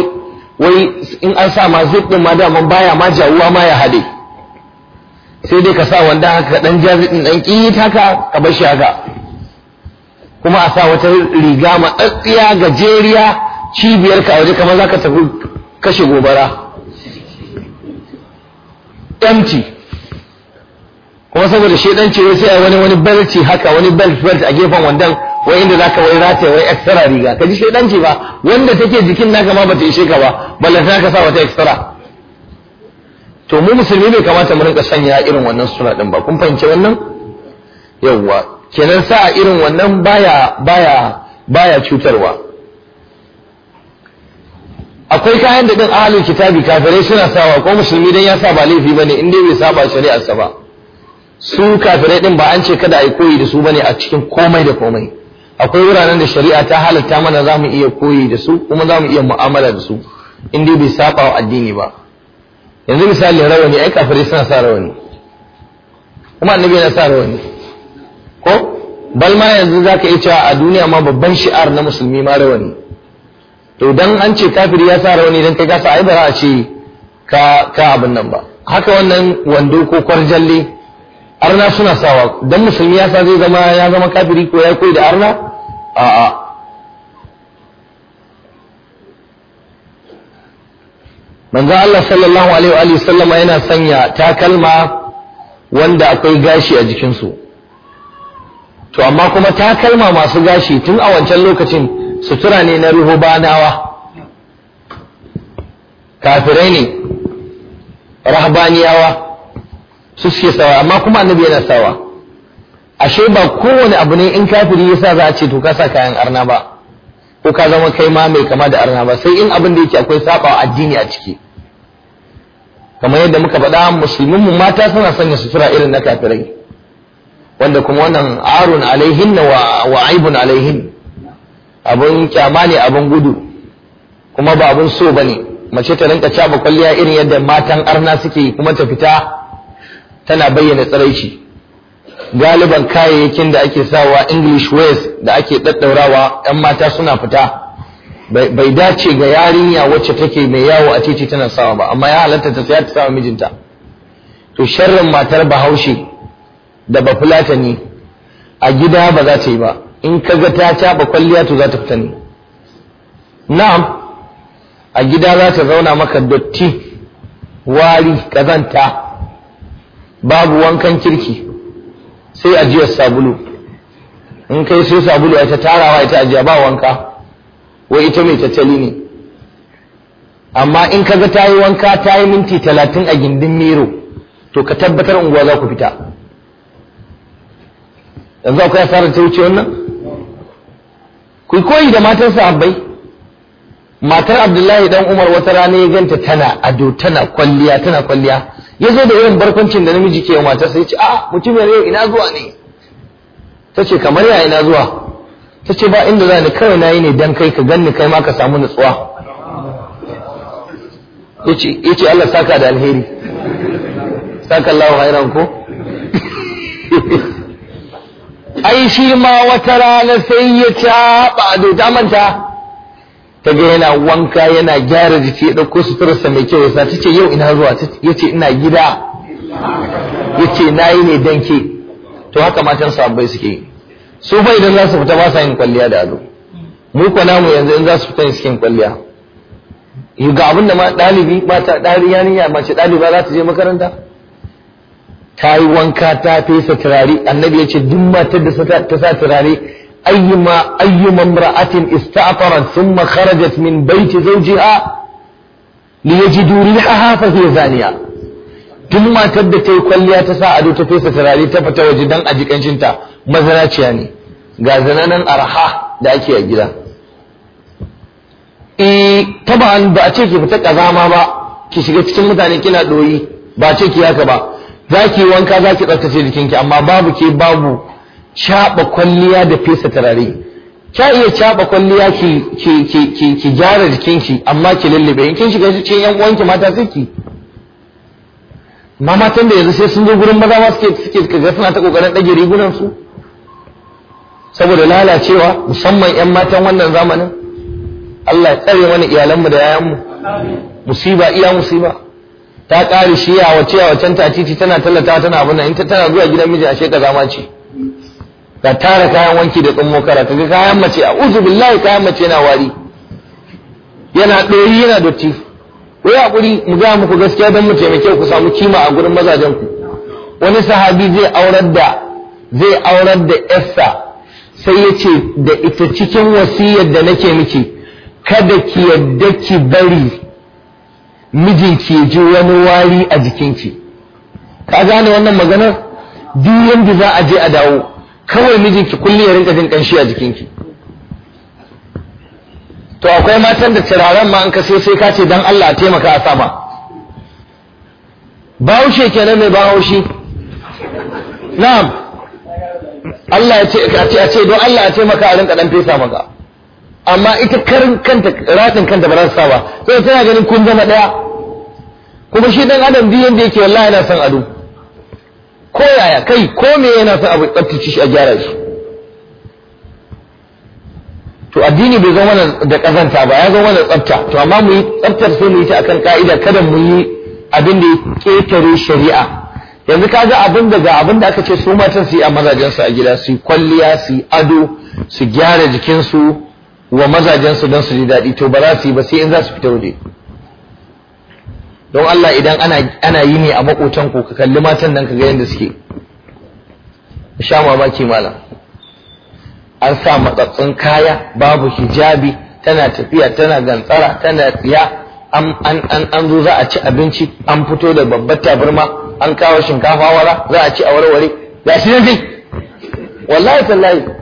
wai in an sa ma zip din ma mun baya ma jawuwa ma ya hade sai dai ka sa wanda haka dan jazi din dan kiyit haka ka bar shi haka kuma a sa wata riga ma tsatsiya gajeriya cibiyarka a waje kamar za ka tafi kashe gobara empty kuma saboda shaidanci wai sai a wani wani belci haka wani belt belt a gefen wandan wai inda za ka wai rataya wai extra riga ka ji shaidanci ba wanda take jikin naka ma bata ishe ka ba ballanta ka sa wata extra to mu musulmi bai kamata mu rinka sanya irin wannan suna din ba kun fahimci wannan yawwa kenan sa irin wannan baya baya baya cutarwa akwai kayan da din ahalin kitabi kafirai suna sawa ko musulmi dan ya sa ba laifi bane in dai bai saba shari'ar sa ba su kafirai din ba an ce kada ai koyi da su bane a cikin komai da komai akwai wuraren da shari'a ta halatta mana za mu iya koyi da su kuma za mu iya mu'amala da su in dai bai saba wa addini ba yanzu misali rawani ai kafirai suna sa rawani kuma annabi yana sa rawani ko bal ma yanzu zaka iya cewa a duniya ma babban shi'ar na musulmi ma rawani to dan an ce kafiri ya sa rauni dan kai ka sa ai ba a ce ka ka abin nan ba haka wannan wando ko kwarjalle arna suna sawa dan musulmi ya sa zai zama ya zama kafiri ko ya koyi da arna a'a manzo Allah sallallahu alaihi wa sallama yana sanya takalma wanda akwai gashi a jikinsu to amma kuma takalma masu gashi tun a wancan lokacin sutura ne na ruhubanawa kafirai ne rahabaniyawa su suke sawa amma kuma annabi yana sawa ashe ba kowane abu ne in kafiri sa za a ce to ka kayan arna ba ko ka zama kai ma mai kama da arna ba sai in abin da yake akwai saba addini a ciki kamar yadda muka faɗa musulmin mu mata suna sanya sutura irin na kafirai wanda kuma wannan arun alaihin wa aibun alaihin abun kyama ne abun gudu kuma ba abun so ne. mace ta rinka caba kwalliya irin yadda matan arna suke kuma ta fita tana bayyana tsaraici galiban kayayyakin da ake sawa english wears da ake ɗaɗɗaurawa yan mata suna fita bai dace ga yarinya wacce take mai yawo a titi tana sawa ba amma ya halatta ta saya ta sawa mijinta to sharrin matar bahaushe da bafulatani a gida ba za ta yi ba in ka ga ta caba kwalliya to za ta fita ne na'am a gida za ta zauna maka dotti wari kazanta babu wankan kirki sai ajiyar sabulu in kai sai sabulu ita tarawa ita ajiya ba wanka wai ita mai tattali ne amma in kaga ta yi wanka ta yi minti talatin a gindin miro to ka tabbatar unguwa za ku fita yanzu akwai asarar ta wuce wannan ku koyi da matan sahabbai matar abdullahi dan umar wata rana ya ganta tana ado tana kwalliya tana kwalliya ya zo da irin barkwancin da namiji ke matar sai ce a mutum rayu ina zuwa ne ta ce kamar ya ina zuwa ta ce ba inda za ni kawai na yi ne dan kai ka ganni kai ma ka samu nutsuwa ya ce Allah saka da alheri saka ko *laughs* ai shi ma wata rana sai ya caɓa da ta manta ta ga yana wanka yana gyara jiki ya ɗauko suturarsa mai kyau sa ta ce yau ina zuwa ya ce ina gida ya ce na yi ne danke to haka matan sabbai suke yi su bai idan za su fita ba sa yin kwalliya da ado mu ko namu yanzu in za su fita cikin kwalliya ga abin da ma ɗalibi mata ɗari yaniya mace ɗaliba za ta je makaranta ta yi wanka ta fesa turare annabi ya ce duk matar da ta sa turare ayyuma ayyuma mra'atin ista'farat thumma kharajat min baiti zawjiha li yajidu rihaha fa hiya zaniya duk matar da ta yi kwalliya ta sa ado ta fesa turare ta fita waje dan a jikancin ta mazanaciya ne ga zananan arha da ake a gida eh taban ba a ce ki fita kazama ba ki shiga cikin mutane kina doyi ba ce ki haka ba zaki ki wanka zaki ki tsaftace jikinki amma babu ke babu chaba kwalliya da fesa tarare ka iya chaba kwalliya ki ki ki ki gyara jikinki amma ki lallabe in kin shiga cikin yan uwanki mata sai ki ma da yanzu sai sun zo gurin maza ma suke suke ga suna ta kokarin dage rigunan su saboda lalacewa musamman yan matan wannan zamanin Allah ya tsare mana mu da 'ya'yan mu musiba iya musiba ta ƙare shi a wace a wacan ta titi tana tallata tana abin nan in ta tana zuwa gidan miji a ka zama ce ka tara kayan wanki da tsummo kara ga kayan mace a uzu billahi kayan mace yana wari yana ɗoyi yana dotti Ko ya ƙuri mu gaya muku gaskiya don mu taimake ku samu kima a gurin mazajen ku wani sahabi zai aurar da zai aurar da yarsa sai ya ce da ita cikin wasiyar da nake miki kada ki yadda ki bari mijinki ya ji wani wari a jikinki ka gane wannan maganar duk yanda za a je a dawo kawai mijinki kullum ya rinka jin kanshi a jikinki to akwai matan da turaren ma an ka so sai ka ce dan Allah a taimaka a sama bahaushe kenan mai bahaushe na'am Allah ya ce a ce don Allah a taimaka a rinka dan fesa maka amma ita karin kanta ratin kanta ba za sa ba sai tana ganin kun zama daya kuma shi dan adam biyu yanda yake wallahi yana son ado ko yaya kai ko me yana son abu tsaftace shi a gyara shi to addini bai zo mana da kazanta ba ya zo mana tsafta to amma mu yi tsaftar sai mu yi ta akan ka'ida kada mu yi abin da ya ketare shari'a yanzu ka ga abin da ga abin da aka ce su matan su yi a mazajen su a gida su yi kwalliya su yi ado su gyara jikinsu wa mazajensu don su ji daɗi to ba za su yi ba sai in za su fita waje don Allah idan ana ana yi ne a makotan ku ka kalli matan nan ka ga yadda suke sha mamaki malam an sa matsatsun kaya babu hijabi tana tafiya tana gantsara tana tsiya an zo za a ci abinci an fito da babbar tabarma an kawo shinkafa wara za a ci a warware ga shi ne dai wallahi tallahi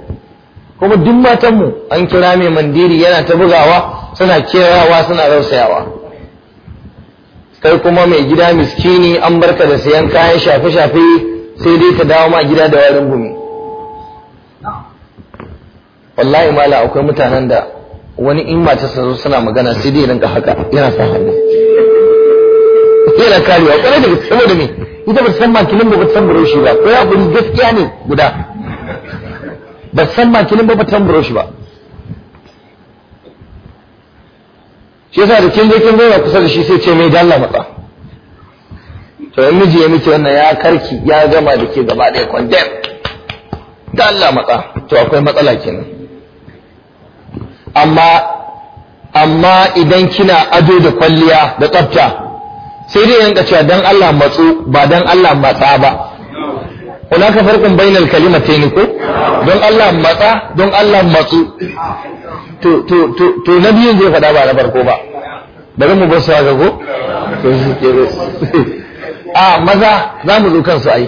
kuma duk matanmu an kira mai mandiri yana ta bugawa suna kerawa suna rausayawa kai kuma mai gida miskini an barka da sayan kayan shafe-shafe sai dai ka dawo ma gida da warin gumi wallahi mala akwai mutanen da wani in mace sa suna magana sai dai rinka haka yana sa hannu yana kariwa kwarai da gaske saboda me ita ba ta san makilin ba ta san buroshi ba ko ya gaskiya ne guda ba san makilin ba batan tamburo shi ba shi yasa da kinje kin kusa da shi sai ce mai dalla matsa to in miji ya miki wannan ya karki ya gama da ke gaba ɗaya kwandem dalla matsa to akwai matsala kenan amma amma idan kina ado da kwalliya da tsafta sai dai yanka cewa dan Allah matsu ba dan Allah matsa ba hunaka bainar bainal kalimatayn ko don Allah matsa don Allah matsu to na biyun zai faɗa ba na farko ba bari mu bar su haka ko to ke a maza za mu zo kansu ai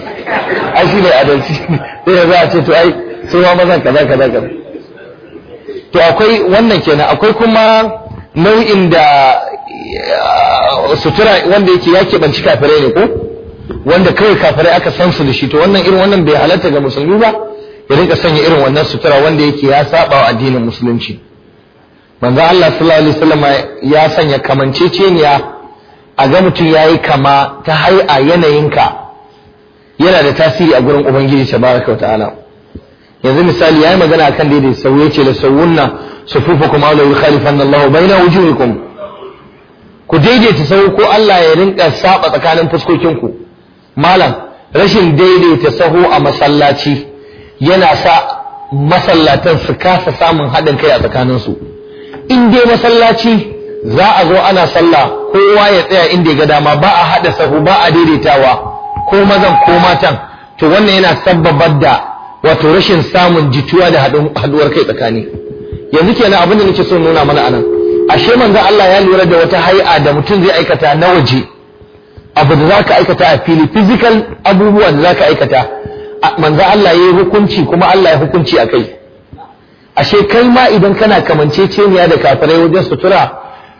ai shi ne adalci *laughs* sai za a ce to ai sai ma mazan kaza kaza kaza to akwai wannan kenan akwai kuma nau'in da eh, sutura wanda yake ya keɓanci kafirai ne ko wanda kawai kafirai aka san su da shi to wannan irin wannan bai halatta ga musulmi ba ya rinka sanya irin wannan sutura wanda yake ya saba wa addinin musulunci manzo Allah sallallahu alaihi wasallam ya sanya kamanceceniya a ga mutum yayi kama ta yanayin ka, yana da tasiri a gurin ubangiji tabaraka wa ta'ala yanzu misali yayi magana akan daidai sauye ce da sawunna sufufakum aw la yukhalifan Allahu baina wujuhikum ku daidaita sauko ko Allah ya rinka saba tsakanin fuskokin ku malam rashin daidaita saho a masallaci yana sa masallatan su kasa samun haɗin kai a tsakaninsu in dai masallaci za a zo ana sallah kowa ya tsaya inda ya ga dama ba a haɗa saho ba a daidaitawa ko mazan ko matan to wannan yana sabbabar da wato rashin samun jituwa da haɗuwar kai tsakani yanzu kenan abin da nake so nuna mana anan ashe manzo Allah ya lura da wata hai'a da mutum zai aikata na waje abu da za ka aikata a fili fizikal abubuwa da za ka aikata manzo Allah ya yi hukunci kuma Allah ya hukunci a kai. ashe kai ma idan kana kamanceceniya da kafirai wajen sutura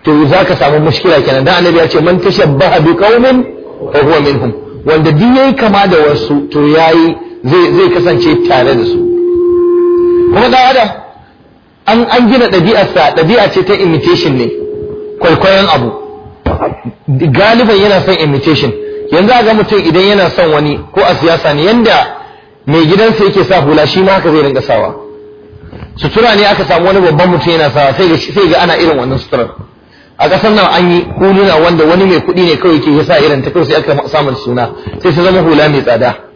to za ka samu mushkila kenan da annabi ya ce man tashabbaha bi qaumin fa huwa minhum wanda duk yayi kama da wasu to yayi zai zai kasance tare da su kuma da adam an an gina ɗabi'a ce ta imitation ne kwaikwayon abu galiban yana son imitation yanzu a ga mutum idan yana son wani ko a siyasa ne yanda mai gidansa yake sa hula shi ma haka zai rinka sawa sutura ne aka samu wani babban mutum yana sawa sai ga ga ana irin wannan suturar a kasar nan an yi huluna wanda wani mai kuɗi ne kawai ke sa irin ta kawai sai aka samun suna sai su zama hula mai tsada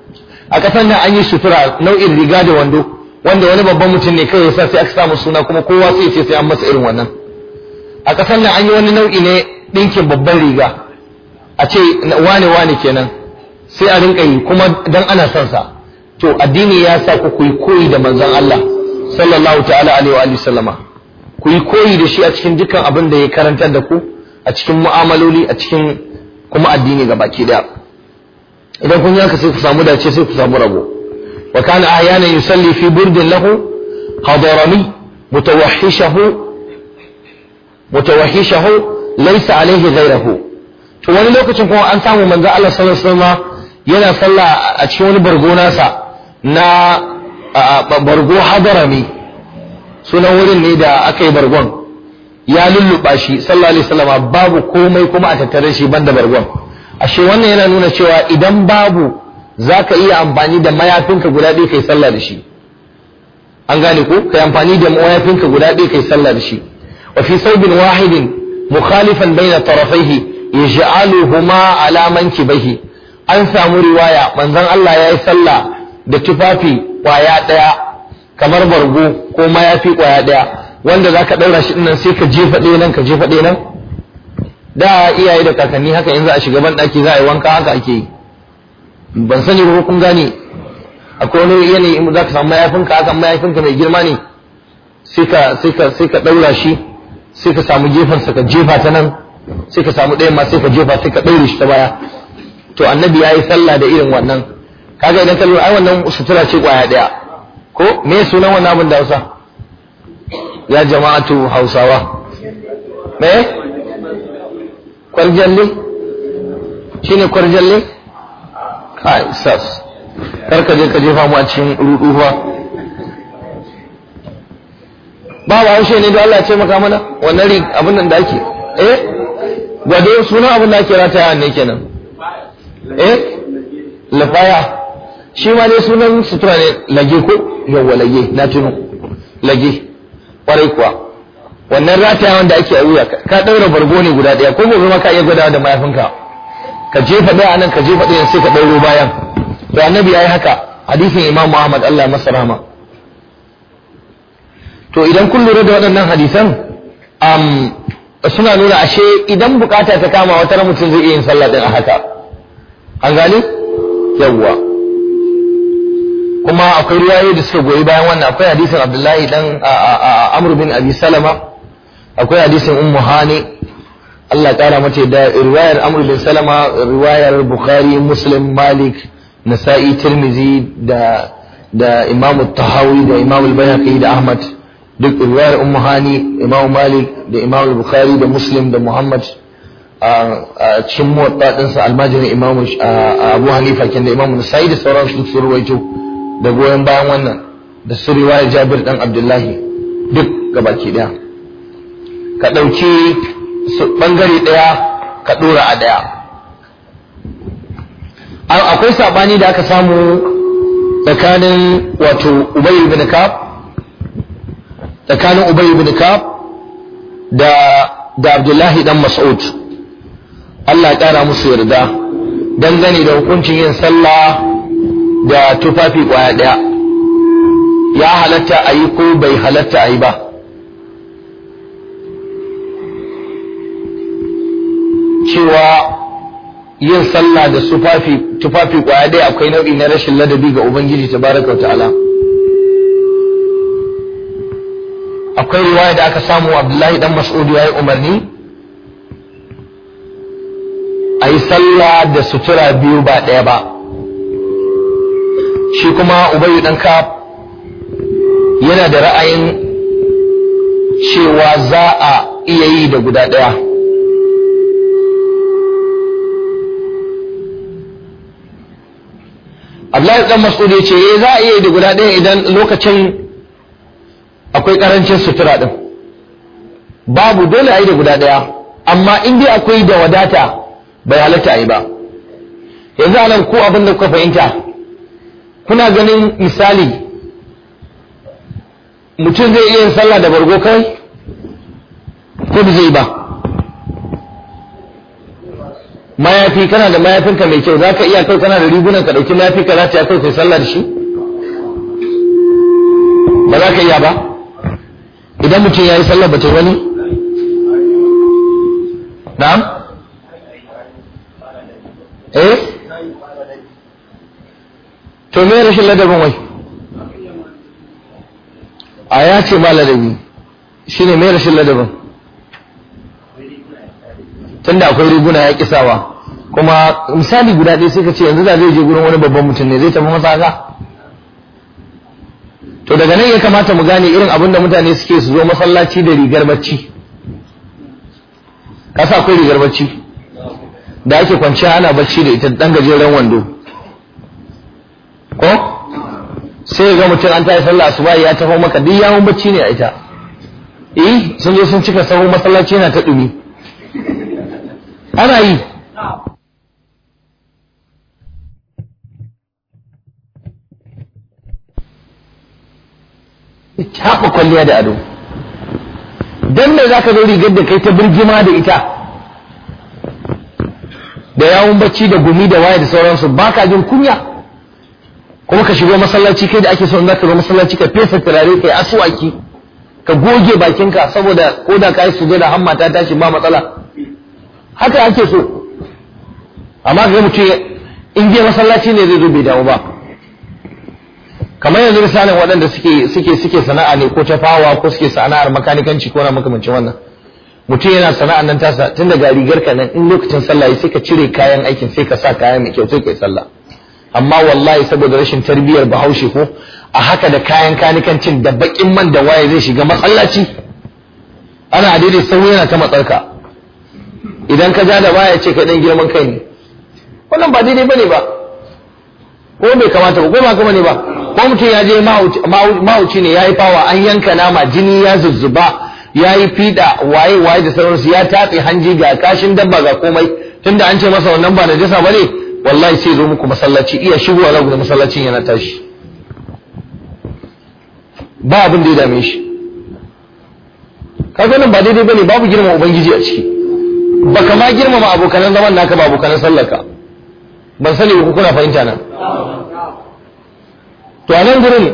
a kasar nan an yi sutura nau'in riga da wando wanda wani babban mutum ne kawai sa sai aka samu suna kuma kowa sai ce sai an masa irin wannan a kasar nan an yi wani nau'i ne ɗinkin babban riga a ce wane wane kenan sai a rinka yi kuma dan ana son sa to addini ya sa ku yi koyi da manzon Allah sallallahu ta'ala alaihi wa sallama ku yi koyi da shi a cikin dukkan abin da ya karantar da ku a cikin mu'amaloli a cikin kuma addini ga baki daya idan kun yanka sai ku samu dace sai ku samu rabo wa kana ahyana yusalli fi burdin lahu hadarani mutawahhishahu mutawahhishahu laisa alaihi ghairahu to wani lokacin kuma an samu manzo Allah sallallahu alaihi wasallam yana sallah a cikin wani bargo nasa na bargo hadarami sunan wurin ne da aka yi bargon ya lulluɓa shi sallallahu alaihi wasallam babu komai kuma a tattare shi banda bargon ashe wannan yana nuna cewa idan babu zaka iya amfani da mayafinka guda ɗaya kai sallah da shi an gane ko kai amfani da mayafinka guda ɗaya kai sallah da shi wa fi saubin wahidin mukhalifan baina tarafaihi yaj'aluhuma ala mankibihi an samu riwaya manzon Allah ya yi sallah da tufafi kwaya ɗaya kamar bargo ko mayafi kwaya ɗaya wanda za ka ɗaura shi dinnan sai ka jefa ɗaya nan ka jefa ɗaya nan da iyaye da kakanni haka in za a shiga ban za a yi wanka haka ake yi ban sani ba kun gane akwai wani yanayi in za ka samu mayafinka haka mayafinka mai girma ne sai ka sai ka sai ka daura shi sai ka samu gefen ka jefa ta nan sai ka samu ɗayan ma sai ka jefa sai ka ɗaure shi ta baya to annabi ya yi sallah da irin wannan kaga idan ka lura ai wannan sutura ce kwaya ɗaya ko me sunan wannan abin da Hausa ya jama'atu Hausawa me kwarjalle shine kwarjalle kai sas karka je ka jefa mu a cikin ruduwa ba ba haushe ne da Allah ya ce maka mana wannan abin nan da ake eh gwado sunan abin da ake rataya ne kenan eh lafaya shi ma ne sunan sutura ne lage ko yawwa lage na tuno lage kwarai kuwa wannan rataya wanda ake a wuya ka daura bargo ne guda daya ko gobe ma ka iya gwadawa da mayafinka ka jefa a nan ka jefa daya sai ka ɗauro bayan to annabi yayi haka hadisin imam Muhammad Allah masarama rahama to idan kun lura da waɗannan hadisan suna nuna ashe idan bukata ta kama wata mutum zai iya yin sallah din a haka an gani yawwa kuma akwai riwayoyi da suka goyi bayan wannan akwai hadisin abdullahi dan amr bin abi salama akwai hadisin ummu hani Allah kara mace da riwayar amr bin salama riwayar bukhari muslim malik nasa'i tirmizi da da imamu tahawi da imamu al-bayhaqi da ahmad duk riwayar ummu hani imam malik da imam bukhari da muslim da muhammad a cikin muwatta dinsa almajirin imam abu hanifa kin da imam nasai da sauran su sun da goyon bayan wannan da su riwayar jabir dan abdullahi duk gabaki daya ka dauki bangare daya ka dora a daya akwai sabani da aka samu tsakanin wato ubay ibn kab tsakanin ubay ibn kab da da abdullahi dan mas'ud Allah ya kara musu yarda dangane da hukuncin yin sallah da tufafi kwaya daya ya halatta a yi ko bai halatta a yi ba cewa yin sallah da tufafi kwaya daya akwai nau'i na rashin ladabi ga ubangiji tabaraka wa ta'ala akwai riwaya da aka samu abdullahi dan mas'udi ya yi umarni a yi sallah da sutura biyu ba ɗaya ba shi kuma ubayu dan ka yana da ra'ayin cewa za a iya yi da guda ɗaya Abdullahi dan Mas'ud ya ce eh, za a iya yi da guda ɗaya idan lokacin akwai karancin sutura din babu dole a yi da guda ɗaya amma in dai akwai da wadata bai halatta ayi ba yanzu anan ko abin da kuka fahimta kuna ganin misali mutum zai iya yin sallah da bargo kai ko ba zai ba mayafi kana da mayafinka mai kyau za ka iya kai kana da rigunan ka dauki mayafi ka za ta kai sallah da shi ba za ka iya ba idan mutum ya yi sallar ba wani na eh to me rashin ladabin wai a ya ce ba ladabi shi ne me rashin ladabin tunda akwai riguna ya kisawa kuma misali guda ɗaya sai ka ce yanzu da zai je gurin wani babban mutum ne zai tafi masa to daga nan ya kamata mu gane irin abin da mutane suke su zo masallaci da rigar bacci ka sa akwai rigar bacci da ake kwanciya ana bacci da ita dan gajeren wando ko sai ga mutum an tafi sallah asuba ya taho maka duk yawon bacci ne a ita eh sun zo sun cika sahun masallaci yana ta dumi ana yi caɓa kwalliya da ado don me za ka zo rigar da kai ta birgima da ita da yawon bacci da gumi da waya da sauransu ba ka jin kunya kuma ka shigo masallaci kai da ake son za ka zo masallaci ka fesa turare kai asuwaki ka goge bakinka saboda ko da ka yi suje da hamma ta tashi ba matsala haka ake so amma ga mutum in je masallaci ne zai zo bai dawo ba kamar yanzu misalin waɗanda suke suke suke sana'a ne ko tafawa ko suke sana'ar makanikanci ko na makamancin wannan mutum yana sana'ar nan tasa tun daga rigar ka nan in lokacin sallah sai ka cire kayan aikin sai ka sa kayan mai kyau sai kai sallah amma wallahi saboda rashin tarbiyyar bahaushe ko a haka da kayan kanikancin da bakin man da waye zai shiga masallaci ana daidai sauri yana ta matsarka idan ka ja da baya ce kai dan girman kai ne wannan ba daidai bane ba ko bai kamata ba ko ba kuma ne ba ko mutum ya je mahauci ne ya yi fawa an yanka nama jini ya zuzzuba ya yi fiɗa waye waye da sauransu ya tatse hanji ga kashin dabba ga komai tunda an ce masa wannan ba ba bane wallahi sai zo muku masallaci iya shigowa za da masallacin yana tashi ba abin da ya dame shi kaga nan ba daidai bane babu girma ubangiji a ciki baka ma girmama abokan zaman naka ba abokanan sallaka, ban sani ku kuna fahimta nan to a nan gurin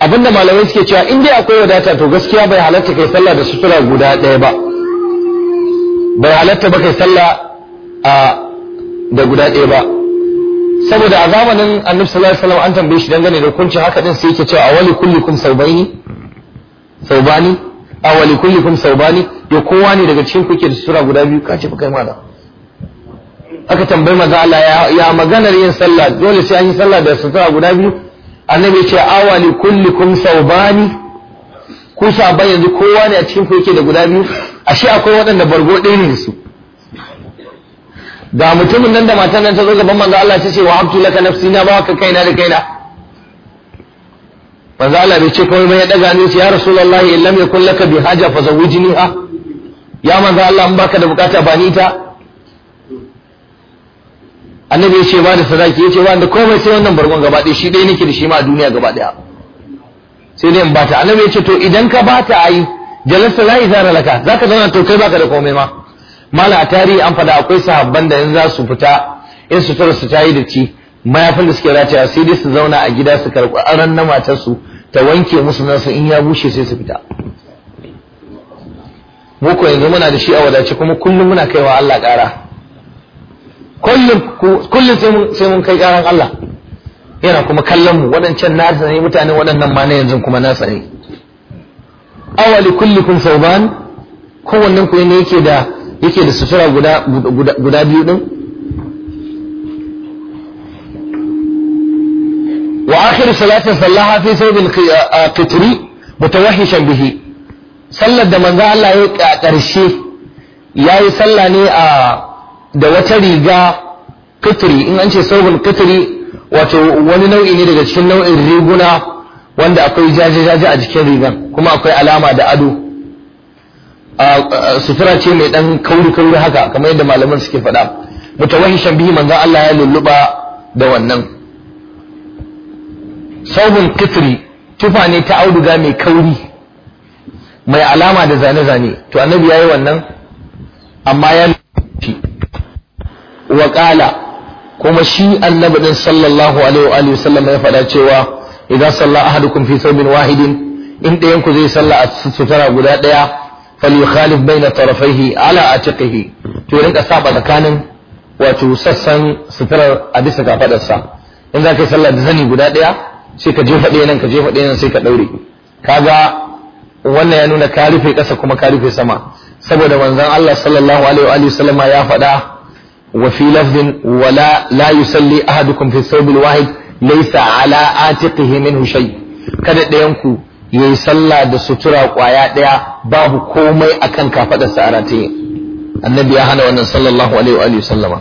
abinda malamai suke cewa in dai akwai wadata to gaskiya bai halatta kai sallah da sutura guda ɗaya ba bai halatta ba kai sallah a da guda ɗaya ba saboda a zamanin annabi sallallahu alaihi wasallam an tambaye shi dangane da hukuncin haka din sai yake cewa awali kullikum kun saubani awali kullikum saubani ya kowa ne daga cikin kuke da sutura guda biyu kace ba kai mana aka tambayi maza Allah ya maganar yin sallah dole sai an yi sallah da sutura guda biyu annabi ce awali kullikum saubani ku ba yanzu kowa ne a cikin ku yake da guda biyu ashe akwai waɗanda bargo ɗaya ne su ga mutumin nan da matan nan ta zo gaban manzo Allah ta ce wa abtu laka nafsi na ba ka kaina da kaina manzo Allah bai ce kawai bai ya daga ne shi ya rasulullahi in lam yakul laka bi haja fa ha? ya manzo Allah in baka da bukata ba ni ta annabi ya ce ba da sadaki ya ce ba da komai sai wannan bargon gaba ɗaya shi ɗaya nake da shi ma a duniya gaba ɗaya sai dai in bata annabi ya ce to idan ka bata ai jalasta la izara laka zaka zauna to kai baka da komai ma mala a tarihi an fada akwai sahabban da in za su fita in su tura su tayi da ci mayafin da suke rataya sai dai su zauna a gida su karɓi aran na matarsu ta wanke musu nasu in ya bushe sai su fita mu yanzu muna da shi a wadace kuma kullum muna kaiwa Allah ƙara kullum sai mun kai karan Allah yana kuma kallon mu waɗancan nasa ne mutane waɗannan ma na yanzu kuma nasa ne awali kullukum sauban kowannen ku ne yake da yake da sutura guda guda biyu din wa akhir salatin sallaha fi sayyidil qitri mutawahishan bihi sallar da manzo Allah ya karshe yayi sallah ne a da wata riga kitri in an ce saubul kitri wato wani nau'i ne daga cikin nau'in riguna wanda akwai jaje-jaje a jikin rigan kuma akwai alama da ado sutura ce mai dan kauri-kauri haka kamar yadda malaman suke faɗa mutawahishan bihi manzon Allah ya lulluba da wannan saubun kitri tufa ne ta auduga mai kauri mai alama da zane-zane to annabi yayi wannan amma ya wa qala kuma shi annabi din sallallahu alaihi wa alihi sallam ya faɗa cewa idan sallah salla ahadukum fi thawbin wahidin in ɗayan ku zai salla a sutura guda ɗaya falyukhalif baina tarafaihi ala atiqihi to rinka saba tsakanin wato sassan suturar a bisa kafadarsa in za ka yi sallah da zani guda ɗaya sai ka jefa ɗaya nan ka jefa ɗaya nan sai ka ɗaure kaga wannan ya nuna ka rufe ƙasa kuma ka rufe sama saboda manzon Allah sallallahu alaihi wa alihi ya faɗa وفي لفظ ولا لا يصلي أحدكم في الثوب الواحد ليس على آتقه منه شيء kada ɗayanku ya yi sallah da sutura ƙwaya ɗaya babu komai akan kafaɗarsa a rataye annabi ya hana wannan sallallahu alaihi wa sallama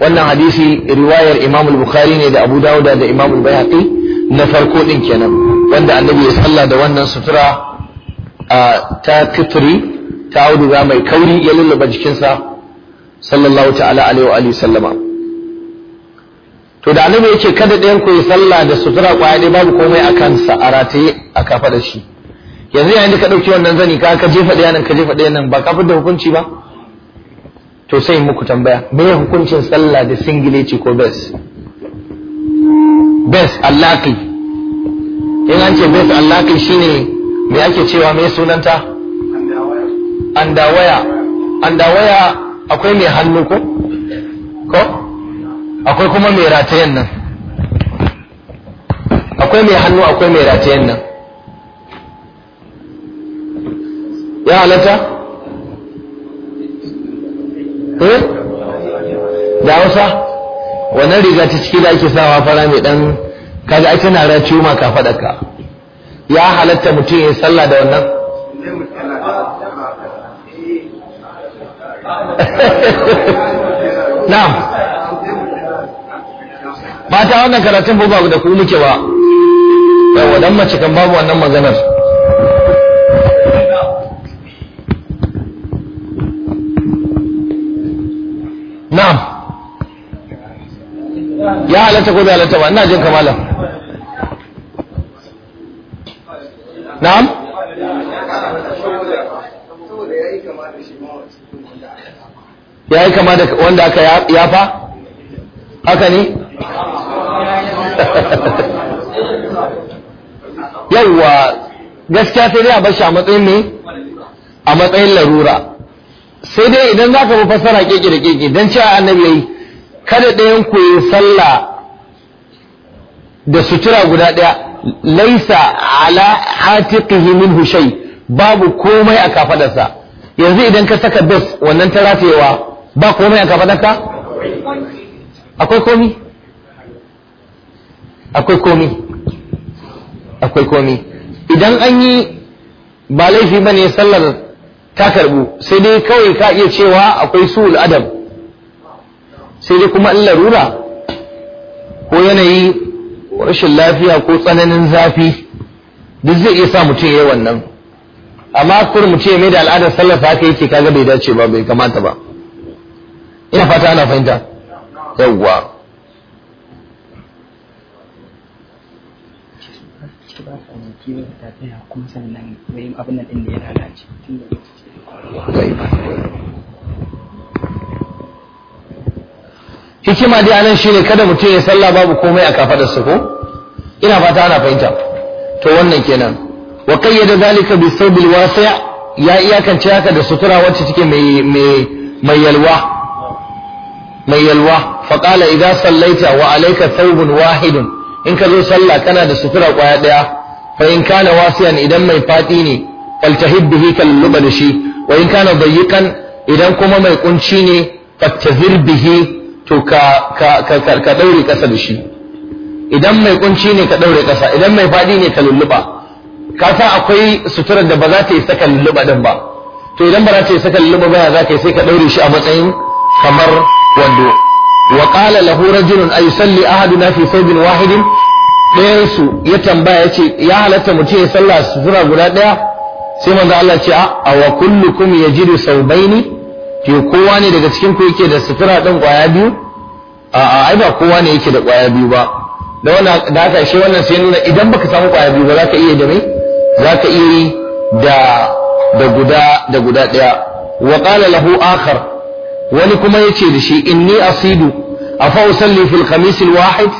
wannan hadisi riwayar imam al-bukhari ne da abu dawuda da imam al-bayhaqi na farko ɗin kenan wanda annabi ya salla da wannan sutura ta kitri ta auduga mai kauri ya lullaba jikinsa sallallahu ta'ala alaihi wa sallama to da annabi yake kada ɗayan ku yi sallah da sutura kwaya dai babu komai a kansa a rataye a kafa da shi yanzu yayin da ka ɗauki wannan zani ka ka jefa ɗaya nan ka jefa ɗaya nan ba ka da hukunci ba to sai muku tambaya me hukuncin sallah da ce ko bes bes allaki in an ce bes allaki shine me ake cewa me sunanta andawaya andawaya akwai mai hannu ko ko akwai kuma mai ratayen nan akwai mai hannu akwai mai ratayen nan ya halatta eh da wasa wannan riga ta ciki da ake sawa fara mai dan kaga ai tana raciyo ma ka ya halatta mutum ya sallah da wannan *laughs* na'am mata wannan karatun ba da ku muke ba yawa dan mace kan babu wannan maganar na'am ya halatta ko bai halatta ba ina jin kamala na'am ya yi kama da wanda aka yafa haka ne *laughs* yawwa gaskiya sai dai a bashi a matsayin ne a matsayin larura sai dai idan za ka fi fassara keke da keke don cewa annabi yi kada ɗayan ku yi sallah da sutura guda ɗaya laisa ala atiqihi minhu hushai babu komai a kafadarsa yanzu idan ka saka bes wannan ta ratayewa ba komai a gabanarka akwai komi akwai komi akwai komi idan an yi ba laifi ba ne sallar ta karbu sai dai kawai ka iya cewa akwai su'ul adab sai dai kuma in larura ko yanayi rashin lafiya ko tsananin zafi duk zai iya sa mutum ya yi wannan amma kur mu ce mai da al'adar sallar ta haka yake kaga bai dace ba bai kamata ba ina fata ana fahimta yawwa hikima dai anan shine kada mutum ya sallah babu komai a kafadarsa ko ina fata ana fahimta to wannan kenan wa qayyada zalika bi thawbil wasi' ya iyakance haka da sutura wacce take mai mai mai yalwa mai yalwa faƙala idan sallaita wa alaika thawbun wahidun in ka zo sallah kana da sutura ƙwaya ɗaya fa in kana wasiyan idan mai faɗi ne faltahib bihi kalluba da shi wa in kana dayyikan idan kuma mai kunci ne fattahir bihi to ka ka ka ka daure kasa da shi idan mai kunci ne ka daure ƙasa, idan mai faɗi ne ka lulluba ka sa akwai suturar da ba za ta yi saka lulluba din ba to idan ba za ta yi saka lulluba ba za ka yi sai ka daure shi a matsayin kamar wando wa qala lahu rajulun ay salli ahaduna fi thawbin wahidin ɗayan su ya tambaya yace ya halatta mutum ya sallah sutura guda ɗaya sai manzo Allah ce a wa kullukum yajidu thawbaini ke kowa ne daga cikin ku yake da sutura ɗin ƙwaya biyu a a ai ba kowa ne yake da ƙwaya biyu ba da wannan da haka shi wannan sai nuna idan baka samu ƙwaya biyu ba za ka iya da mai za ka iya yi da da guda da guda ɗaya wa qala lahu akhar wani kuma ya ce da shi inni asidu A usalli fil khamis wahid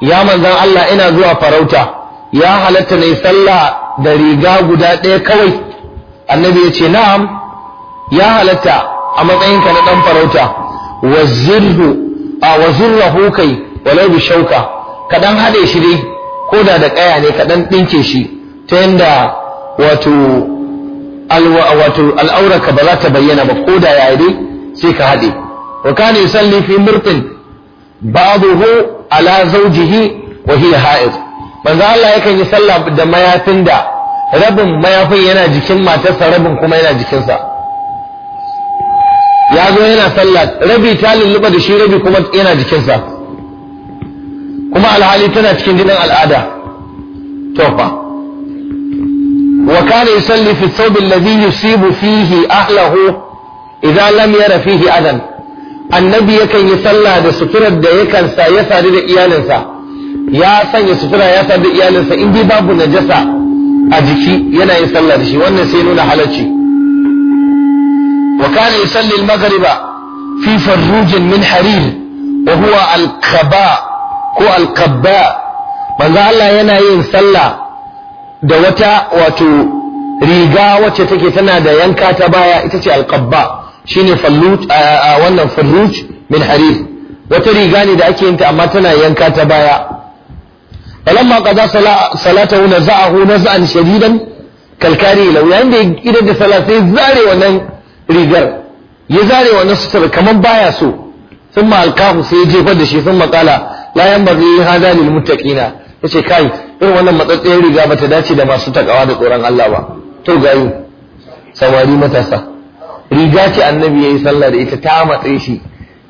ya manzan Allah ina zuwa farauta ya halatta ne sallah da riga guda ɗaya kawai annabi ya ce na'am ya halatta a matsayinka na ɗan farauta wazirhu a wazirrahu kai walau bi shauka ka ɗan haɗe shi dai ko da da ƙaya ne ka ɗan ɗinke shi ta yadda wato al'aurarka ba za ta bayyana ba ko da yayi dai sai ka haɗe wa kana yusalli fi murtin ba'dahu ala zaujihi, wa hiya ha'id manzo Allah yakan yi sallah da mayafin da rabin mayafin yana jikin matarsa rabin kuma yana jikinsa ya zo yana sallah rabi ta lulluɓa da shi rabi kuma yana jikinsa kuma alhali tana cikin jinin al'ada tofa وكان يصلي في الثوب الذي يصيب فيه ahlahu. idan lam yara fihi adan annabi yakan yi sallah da suturar da yakan sa ya sadu da iyalinsa ya sanya sutura ya sadu da iyalinsa in dai babu najasa a jiki yana yin sallah da shi wannan sai nuna halacci wa kana yusalli al-maghriba fi farrujin min harir wa huwa al-qaba ko al-qabba manzo Allah yana yin sallah da wata wato riga wacce take tana da yanka ta baya ita ce alƙabba shine fallut wannan farruj min harir wata riga ne da ake yinta amma tana yanka ta baya falamma qada salatahu naza'ahu naz'an shadidan kalkari law yayin da idan da sala sai zare wannan rigar ya zare wannan sutura kaman baya so thumma alqahu sai ya jefar da shi thumma qala la yanbaghi hadha lil muttaqina yace kai irin wannan matsatsiyar riga bata dace da masu takawa da tsoron Allah ba to gayu samari matasa riga ce annabi ya yi sallah da ita ta matse shi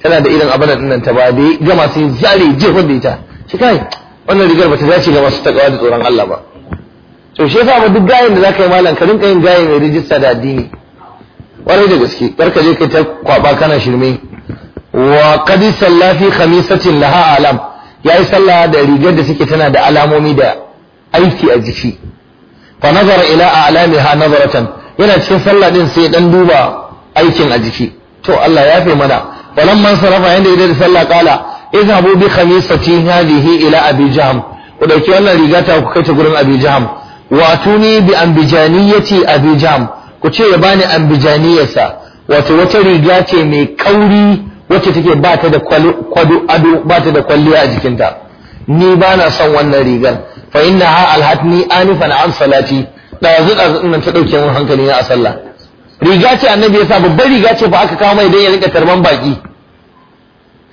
tana da irin abin nan ta ba da ya gama sai zare jefar da ita shi kai wannan rigar ba ta dace ga masu takawa da tsoron Allah ba to shi yasa duk gayen da zaka yi malam ka rinka yin gaye mai rijista da addini warai da gaske barka je kai ta kwaba kana shirme wa qad salla fi khamisatin laha alam yayi sallah da rigar da suke tana da alamomi da aiki a jiki fa nazara ila a'lamiha nazaratan yana cikin sallah din sai dan duba aikin a jiki to Allah ya fi mana falamman sarafa yanda idan sallah kala izhabu bi khamisati hadhihi ila abi jaham ku dauki wannan riga ta ku kai ta gurin abi jaham watuni bi ambijaniyati abi jaham ku ce ya bani ambijaniyarsa wato wata riga ce mai kauri wacce take ba ta da kwado ado ba ta da kwalliya a jikinta ni ba na son wannan rigar fa inna ha alhatni anifan an salati da yanzu da nan ta dauke mun hankali na a sallah riga ce annabi ya sa babbar riga ce fa aka kawo mai dan ya rika tarban baki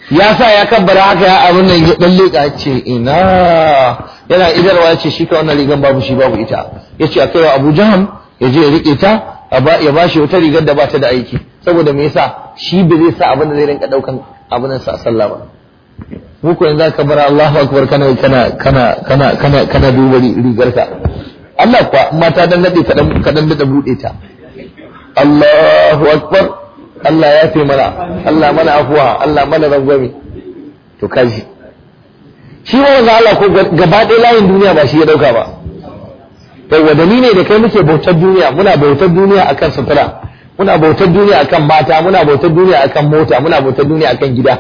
ya sa ya kabbara haka ya abin nan ya dan leka ce ina yana idarwa ce shi ka wannan rigan babu shi babu ita ya ce a Abu Jahm ya ya rike ta ya ba shi wata rigar da ba ta da aiki saboda me yasa shi ba zai sa abin da zai rinka daukan abin nan sa sallah ba mu ko yanzu ka bar Allahu akbar kana kana kana kana kana kana duba rigarka Allah kuwa mata dan nade kadan kadan da bude ta Allahu akbar Allah ya fi mana Allah mana afuwa Allah mana rangwame to kaji shi ma wanda Allah ko gaba ɗaya layin duniya ba shi ya ɗauka ba yawa da ne da kai muke bautar duniya muna bautar duniya akan sutura muna bautar duniya akan mata muna bautar duniya akan mota muna bautar duniya akan gida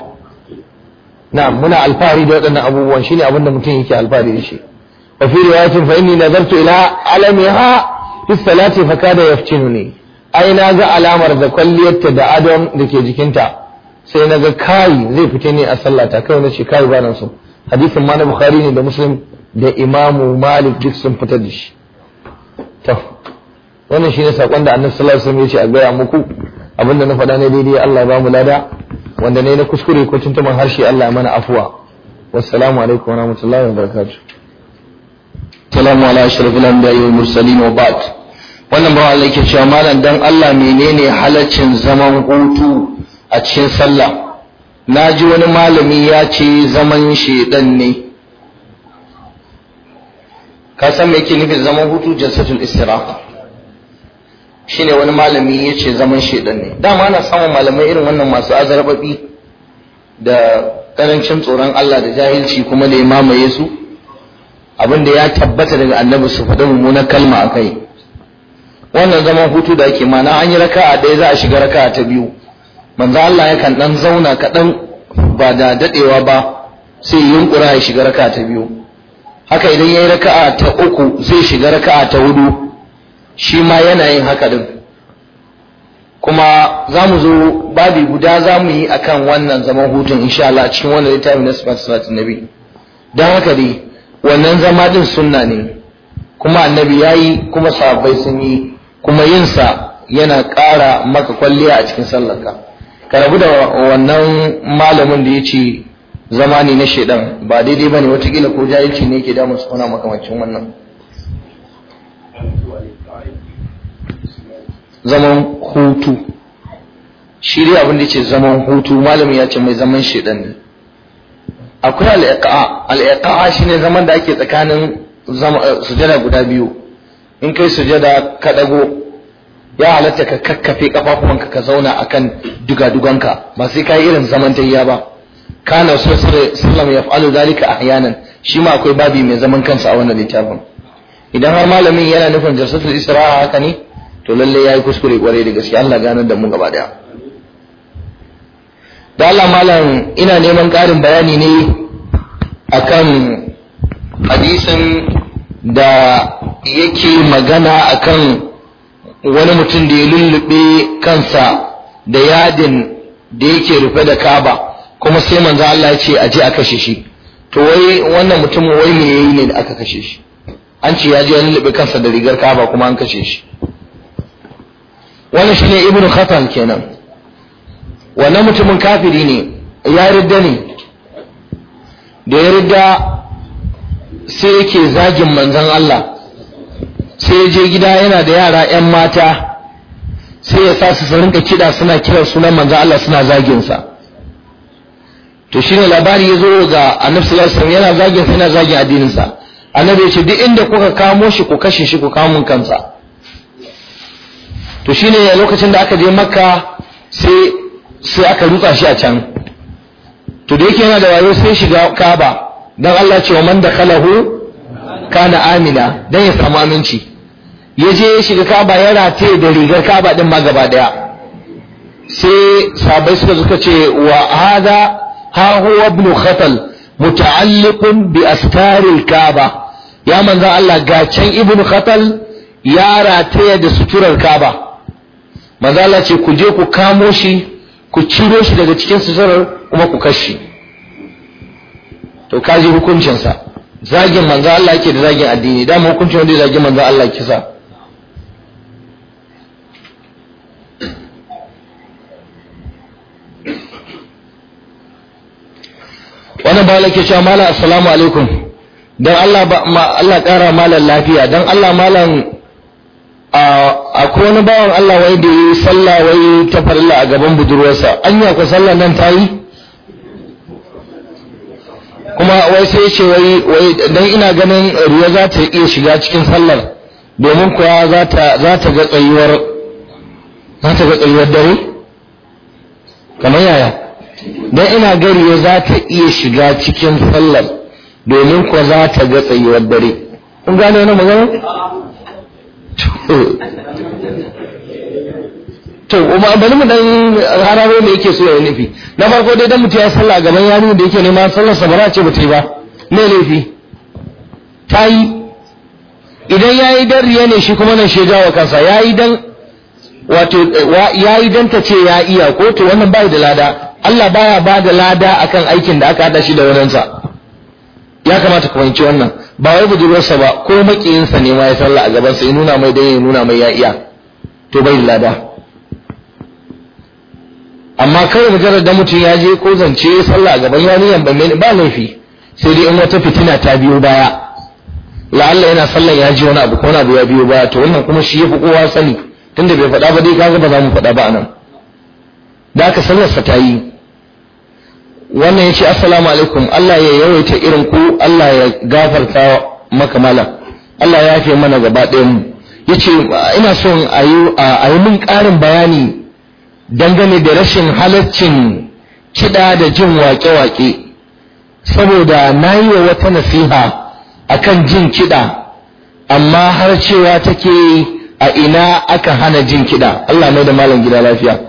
na muna alfahari da waɗannan abubuwan shine abin da mutum yake alfahari da shi wa fi riwayatin fa inni nazartu ila alamiha fi salati fa kada yaftinuni ai na ga alamar da kwalliyarta da adon da ke jikinta sai na ga kai zai fita ne a sallata kai na ce kai ba nan so hadisin ma na bukhari ne da muslim da imamu malik duk sun fitar da shi to wannan shine sakon da annabi sallallahu alaihi wasallam ya ce a gaya muku abinda na faɗa ne daidai Allah ba mu lada wanda ne na kuskure ko tuntuman harshe Allah mana afuwa wassalamu alaikum wa rahmatullahi wa barakatuh salamu ala ashrafil anbiya'i wal mursalin wa ba'd wannan ba Allah yake cewa malam dan Allah menene halaccin zaman hutu a cikin sallah na ji wani malami ya ce zaman shedan ne ka san me yake nufin zaman hutu jalsatul istiraqa shine wani malami ya ce zaman shedan ne dama ana samun malamai irin wannan masu azarbabi da karancin tsoron Allah da jahilci kuma da ya mamaye su abinda ya tabbata daga annabi su faɗi mummunar kalma a kai wannan zaman hutu da ake mana an yi raka'a ɗaya za a shiga raka'a ta biyu manzo Allah yakan dan zauna kaɗan ba da daɗewa ba sai yunkura ya shiga raka'a ta biyu haka idan ya yi raka'a ta uku zai shiga raka'a ta hudu shi ma yana yin haka din kuma za mu zo babu guda za mu yi akan wannan zaman hutun insha Allah cikin wannan littafin na sifat sifat nabi dan haka dai wannan zama din sunna ne kuma annabi yayi kuma sahabbai sun yi kuma yinsa yana ƙara maka kwalliya a cikin sallarka ka rabu da wannan malamin da ya ce zama ne na shaidan ba daidai ba ne watakila ko jahilci ne ke damun suna makamancin wannan zaman hutu shi dai abin da ce zaman hutu malamin ya ce mai zaman shaidan ne akwai al'iqa al'iqa shine zaman da ake tsakanin eh, sujada guda biyu in kai sujada ka dago ya halatta ka kakkafe kafafuwanka ka zauna a kan dugaduganka ba sai ka yi irin zaman tayya ba kana so sallam ya fa'alu zalika ahyanan shi ma akwai babi mai zaman kansa a wannan littafin idan har malamin yana nufin jalsatul isra'a haka ne to ya yi kuskure kwarai da gaske Allah ganar da mu gaba daya da Allah malam ina neman karin bayani ne akan hadisin da yake magana akan wani mutum da ya lullube kansa da yadin da yake rufe da kaba kuma sai manzo Allah ya ce a je a kashe shi to wai wannan mutum wai me yayi ne da aka kashe shi an ce ya je ya lullube kansa da rigar kaba kuma an kashe shi wannan shine ibnu khatan kenan wannan mutumin kafiri ne ya ridda ne da ya ridda sai yake zagin manzan Allah sai je gida yana da yara 'yan mata sai ya sa su rinka kiɗa suna kiran sunan manzan Allah suna zaginsa to shine labari ya zo ga annabi sallallahu alaihi yana zagin sa yana zagin addininsa annabi ya ce duk inda kuka kamo shi ku kashe shi ku kamun kansa to shine lokacin da aka je makka sai sai aka rutsa shi a can to da yake yana da wayo sai shiga kaba dan Allah ce wa man kalahu kana amina dan ya samu aminci ya je ya shiga kaba ya rataye da rigar kaba din ma gaba daya sai sabai suka suka ce wa hada ha huwa ibn khatal muta'alliqun bi astaril kaba ya manzo Allah ga can ibn khatal ya rataya da suturar kaba manzo Allah ce ku je ku kamo shi ku ciro shi daga cikin suturar kuma ku kashe to kaji hukuncinsa zagin manzo Allah yake da zagin addini da mu hukuncin wanda zagin manzo Allah kisa wannan ba lake cewa mala assalamu alaikum dan Allah ba Allah kara malan lafiya dan Allah malan akwai wani bawan Allah wai da yi sallah wai ta farilla a gaban budurwarsa anya ko sallah nan ta yi kuma wai sai ce wai wai dan ina ganin riya za ta iya shiga cikin sallar domin kuwa za ta za ta ga tsayuwar za ta ga tsayuwar dare kamar yaya dan ina ga ruwa za ta iya shiga cikin sallar domin kuwa za ta ga tsayuwar dare kun gane wannan magana to umma bari mu dan hararo da yake so ya nufi na farko dai dan mutum ya sallah gaban yaro da yake neman sallar sa ba ce ba yi ba me laifi ta yi idan ya yi dan riya ne shi kuma nan shaida wa kansa ya yi dan wato ya yi dan ta ce ya iya ko to wannan bai da lada Allah baya ba da lada akan aikin da aka hada shi da wurinsa ya kamata ku fahimci wannan ba wai budurwarsa ba ko makiyinsa ne ma ya salla a gabansa ya nuna mai dai ya nuna mai ya iya to bai da lada amma kawai mujarar da mutum ya je ko zance ya sallah a gaban yarinyar ba ba laifi sai dai in wata fitina ta biyo baya la'alla yana sallan ya ji wani abu ko ya biyo baya to wannan kuma shi ya fi kowa sani tunda bai faɗa ba dai kaga ba za mu faɗa ba nan. da aka sallar sa ta yi wannan ya ce assalamu alaikum Allah ya yawaita irin ku Allah ya gafarta maka malam Allah ya yafe mana gaba ɗayan mu ya ce ina son a yi min ƙarin bayani dangane da rashin halaccin kiɗa da jin waƙe-waƙe saboda na yi wa wata nasiha akan jin kiɗa amma har cewa take a ina aka hana jin kiɗa Allah mai da malam gida lafiya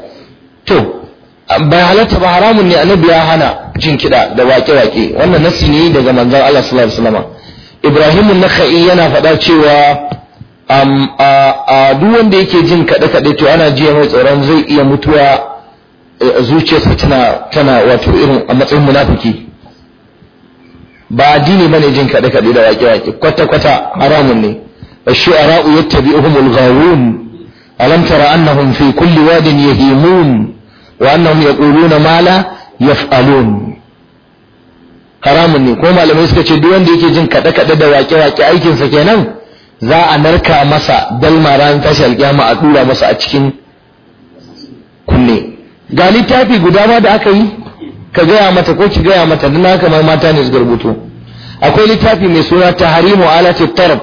to bai halatta ba haramun ne annabi ya hana jin kiɗa da waƙe-waƙe wannan nasi ne daga manzon Allah sallallahu alaihi wasallam Ibrahim an-Nakhai yana faɗa cewa a duk wanda yake jin kaɗe-kaɗe to ana jiya mai tsoron zai iya mutuwa eh, zuciyarsa tana tana wato irin a matsayin munafiki ba addini bane jin kaɗe kaɗe da waƙe waƙe kwata kwata haramun ne ashu'ara'u yattabi'uhum al-ghawun alam tara annahum fi kulli wadin yahimun wa annahum yaquluna ma la yaf'alun haramun ne ko malamai suka ce duk wanda yake jin kaɗe kaɗe da waƙe waƙe aikinsa kenan za a narka masa dalma ran tashi alƙiyama a dura masa a cikin kunne ga littafi guda ma da aka yi ka gaya mata ko ki gaya mata dan haka mai mata ne su garbuto akwai littafi mai suna taharimu ala tarab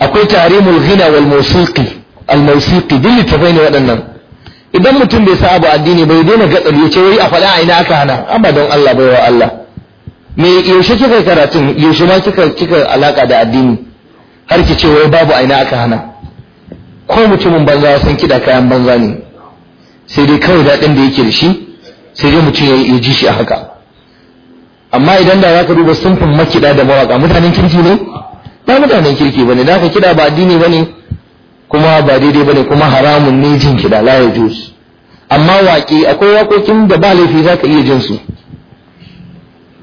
akwai tahrimul ghina wal musiqi al musiqi din littafai ne waɗannan idan mutum bai sa abu addini bai daina gadar ya ce wai a faɗa a ina aka hana don Allah bai wa Allah me yaushe kika karatun yaushe ma kika kika alaka da addini har ki ce wai babu aina aka hana ko mutumin banza san kida kayan banza ne sai dai kawai daɗin da yake da shi sai dai mutum ya ji shi a haka amma idan da zaka duba sunfin makida da mawaka mutanen kirki ne ba mutanen kirki bane da ka kiɗa ba addini bane kuma ba daidai bane kuma haramun ne jin kiɗa la yajuz amma waki akwai wakokin da ba laifi zaka iya jin su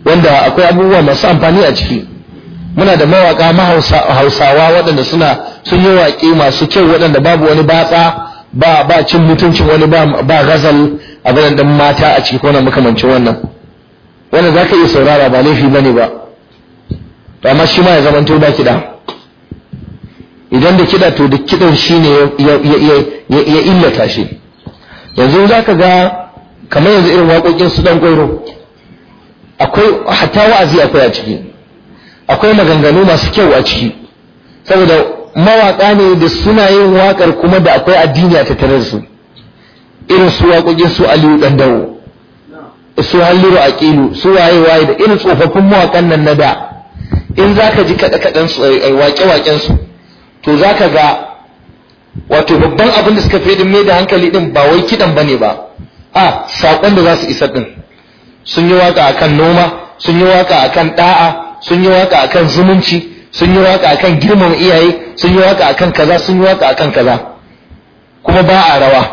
wanda akwai abubuwa masu amfani a ciki muna da mawaka mahausawa waɗanda suna sun yi waƙe masu kyau waɗanda babu wani batsa ba ba cin mutuncin wani ba ba gazal a ganin dan mata a ciki ko na makamancin wannan wanda za ka iya saurara ba laifi bane ba to amma shi ma ya zama to ba kiɗa idan da kiɗa to duk kiɗan shi ne ya illata shi yanzu za ka ga kamar yanzu irin waƙoƙin su dan goro akwai hatta wa'azi akwai a ciki akwai maganganu masu kyau a ciki saboda mawaka ne da suna yin wakar kuma da akwai addini a tattare da su irin su waƙoƙin su aliyu ɗan dawo su halliru ƙilu su waye waye da irin tsofaffin mawaƙan nan na da in za ka ji kaɗe kaɗen su waƙe waƙen su to za ka ga wato babban abin da suka fi mai da hankali din ba wai kiɗan ba ne ba a ah, saƙon da za su isa din sun yi waka akan noma sun yi waka akan da'a sun yi waka akan zumunci sun yi waka akan girman iyaye sun yi waka akan kaza sun yi waka akan kaza kuma ba a rawa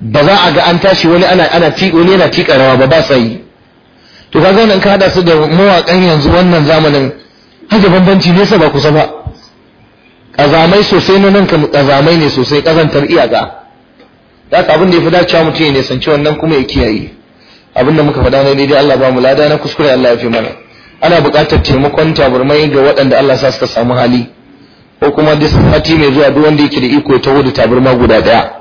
ba za a ga an tashi wani ana ana ci wani yana ci rawa ba ba sai to kaga nan ka hada su da mawakan yanzu wannan zamanin haje bambanci nesa ba kusa ba kazamai sosai na nan kazamai ne sosai kazantar iyaka da ka abin da ya fi dacewa mutum ya nisanci wannan kuma ya kiyaye abin da muka faɗa na daidai Allah ba mu lada na kuskure Allah ya fi mana ana buƙatar taimakon taburmai ga waɗanda Allah sa suka samu hali ko kuma duk sati mai zuwa duk wanda yake da iko ya taho da taburma guda ɗaya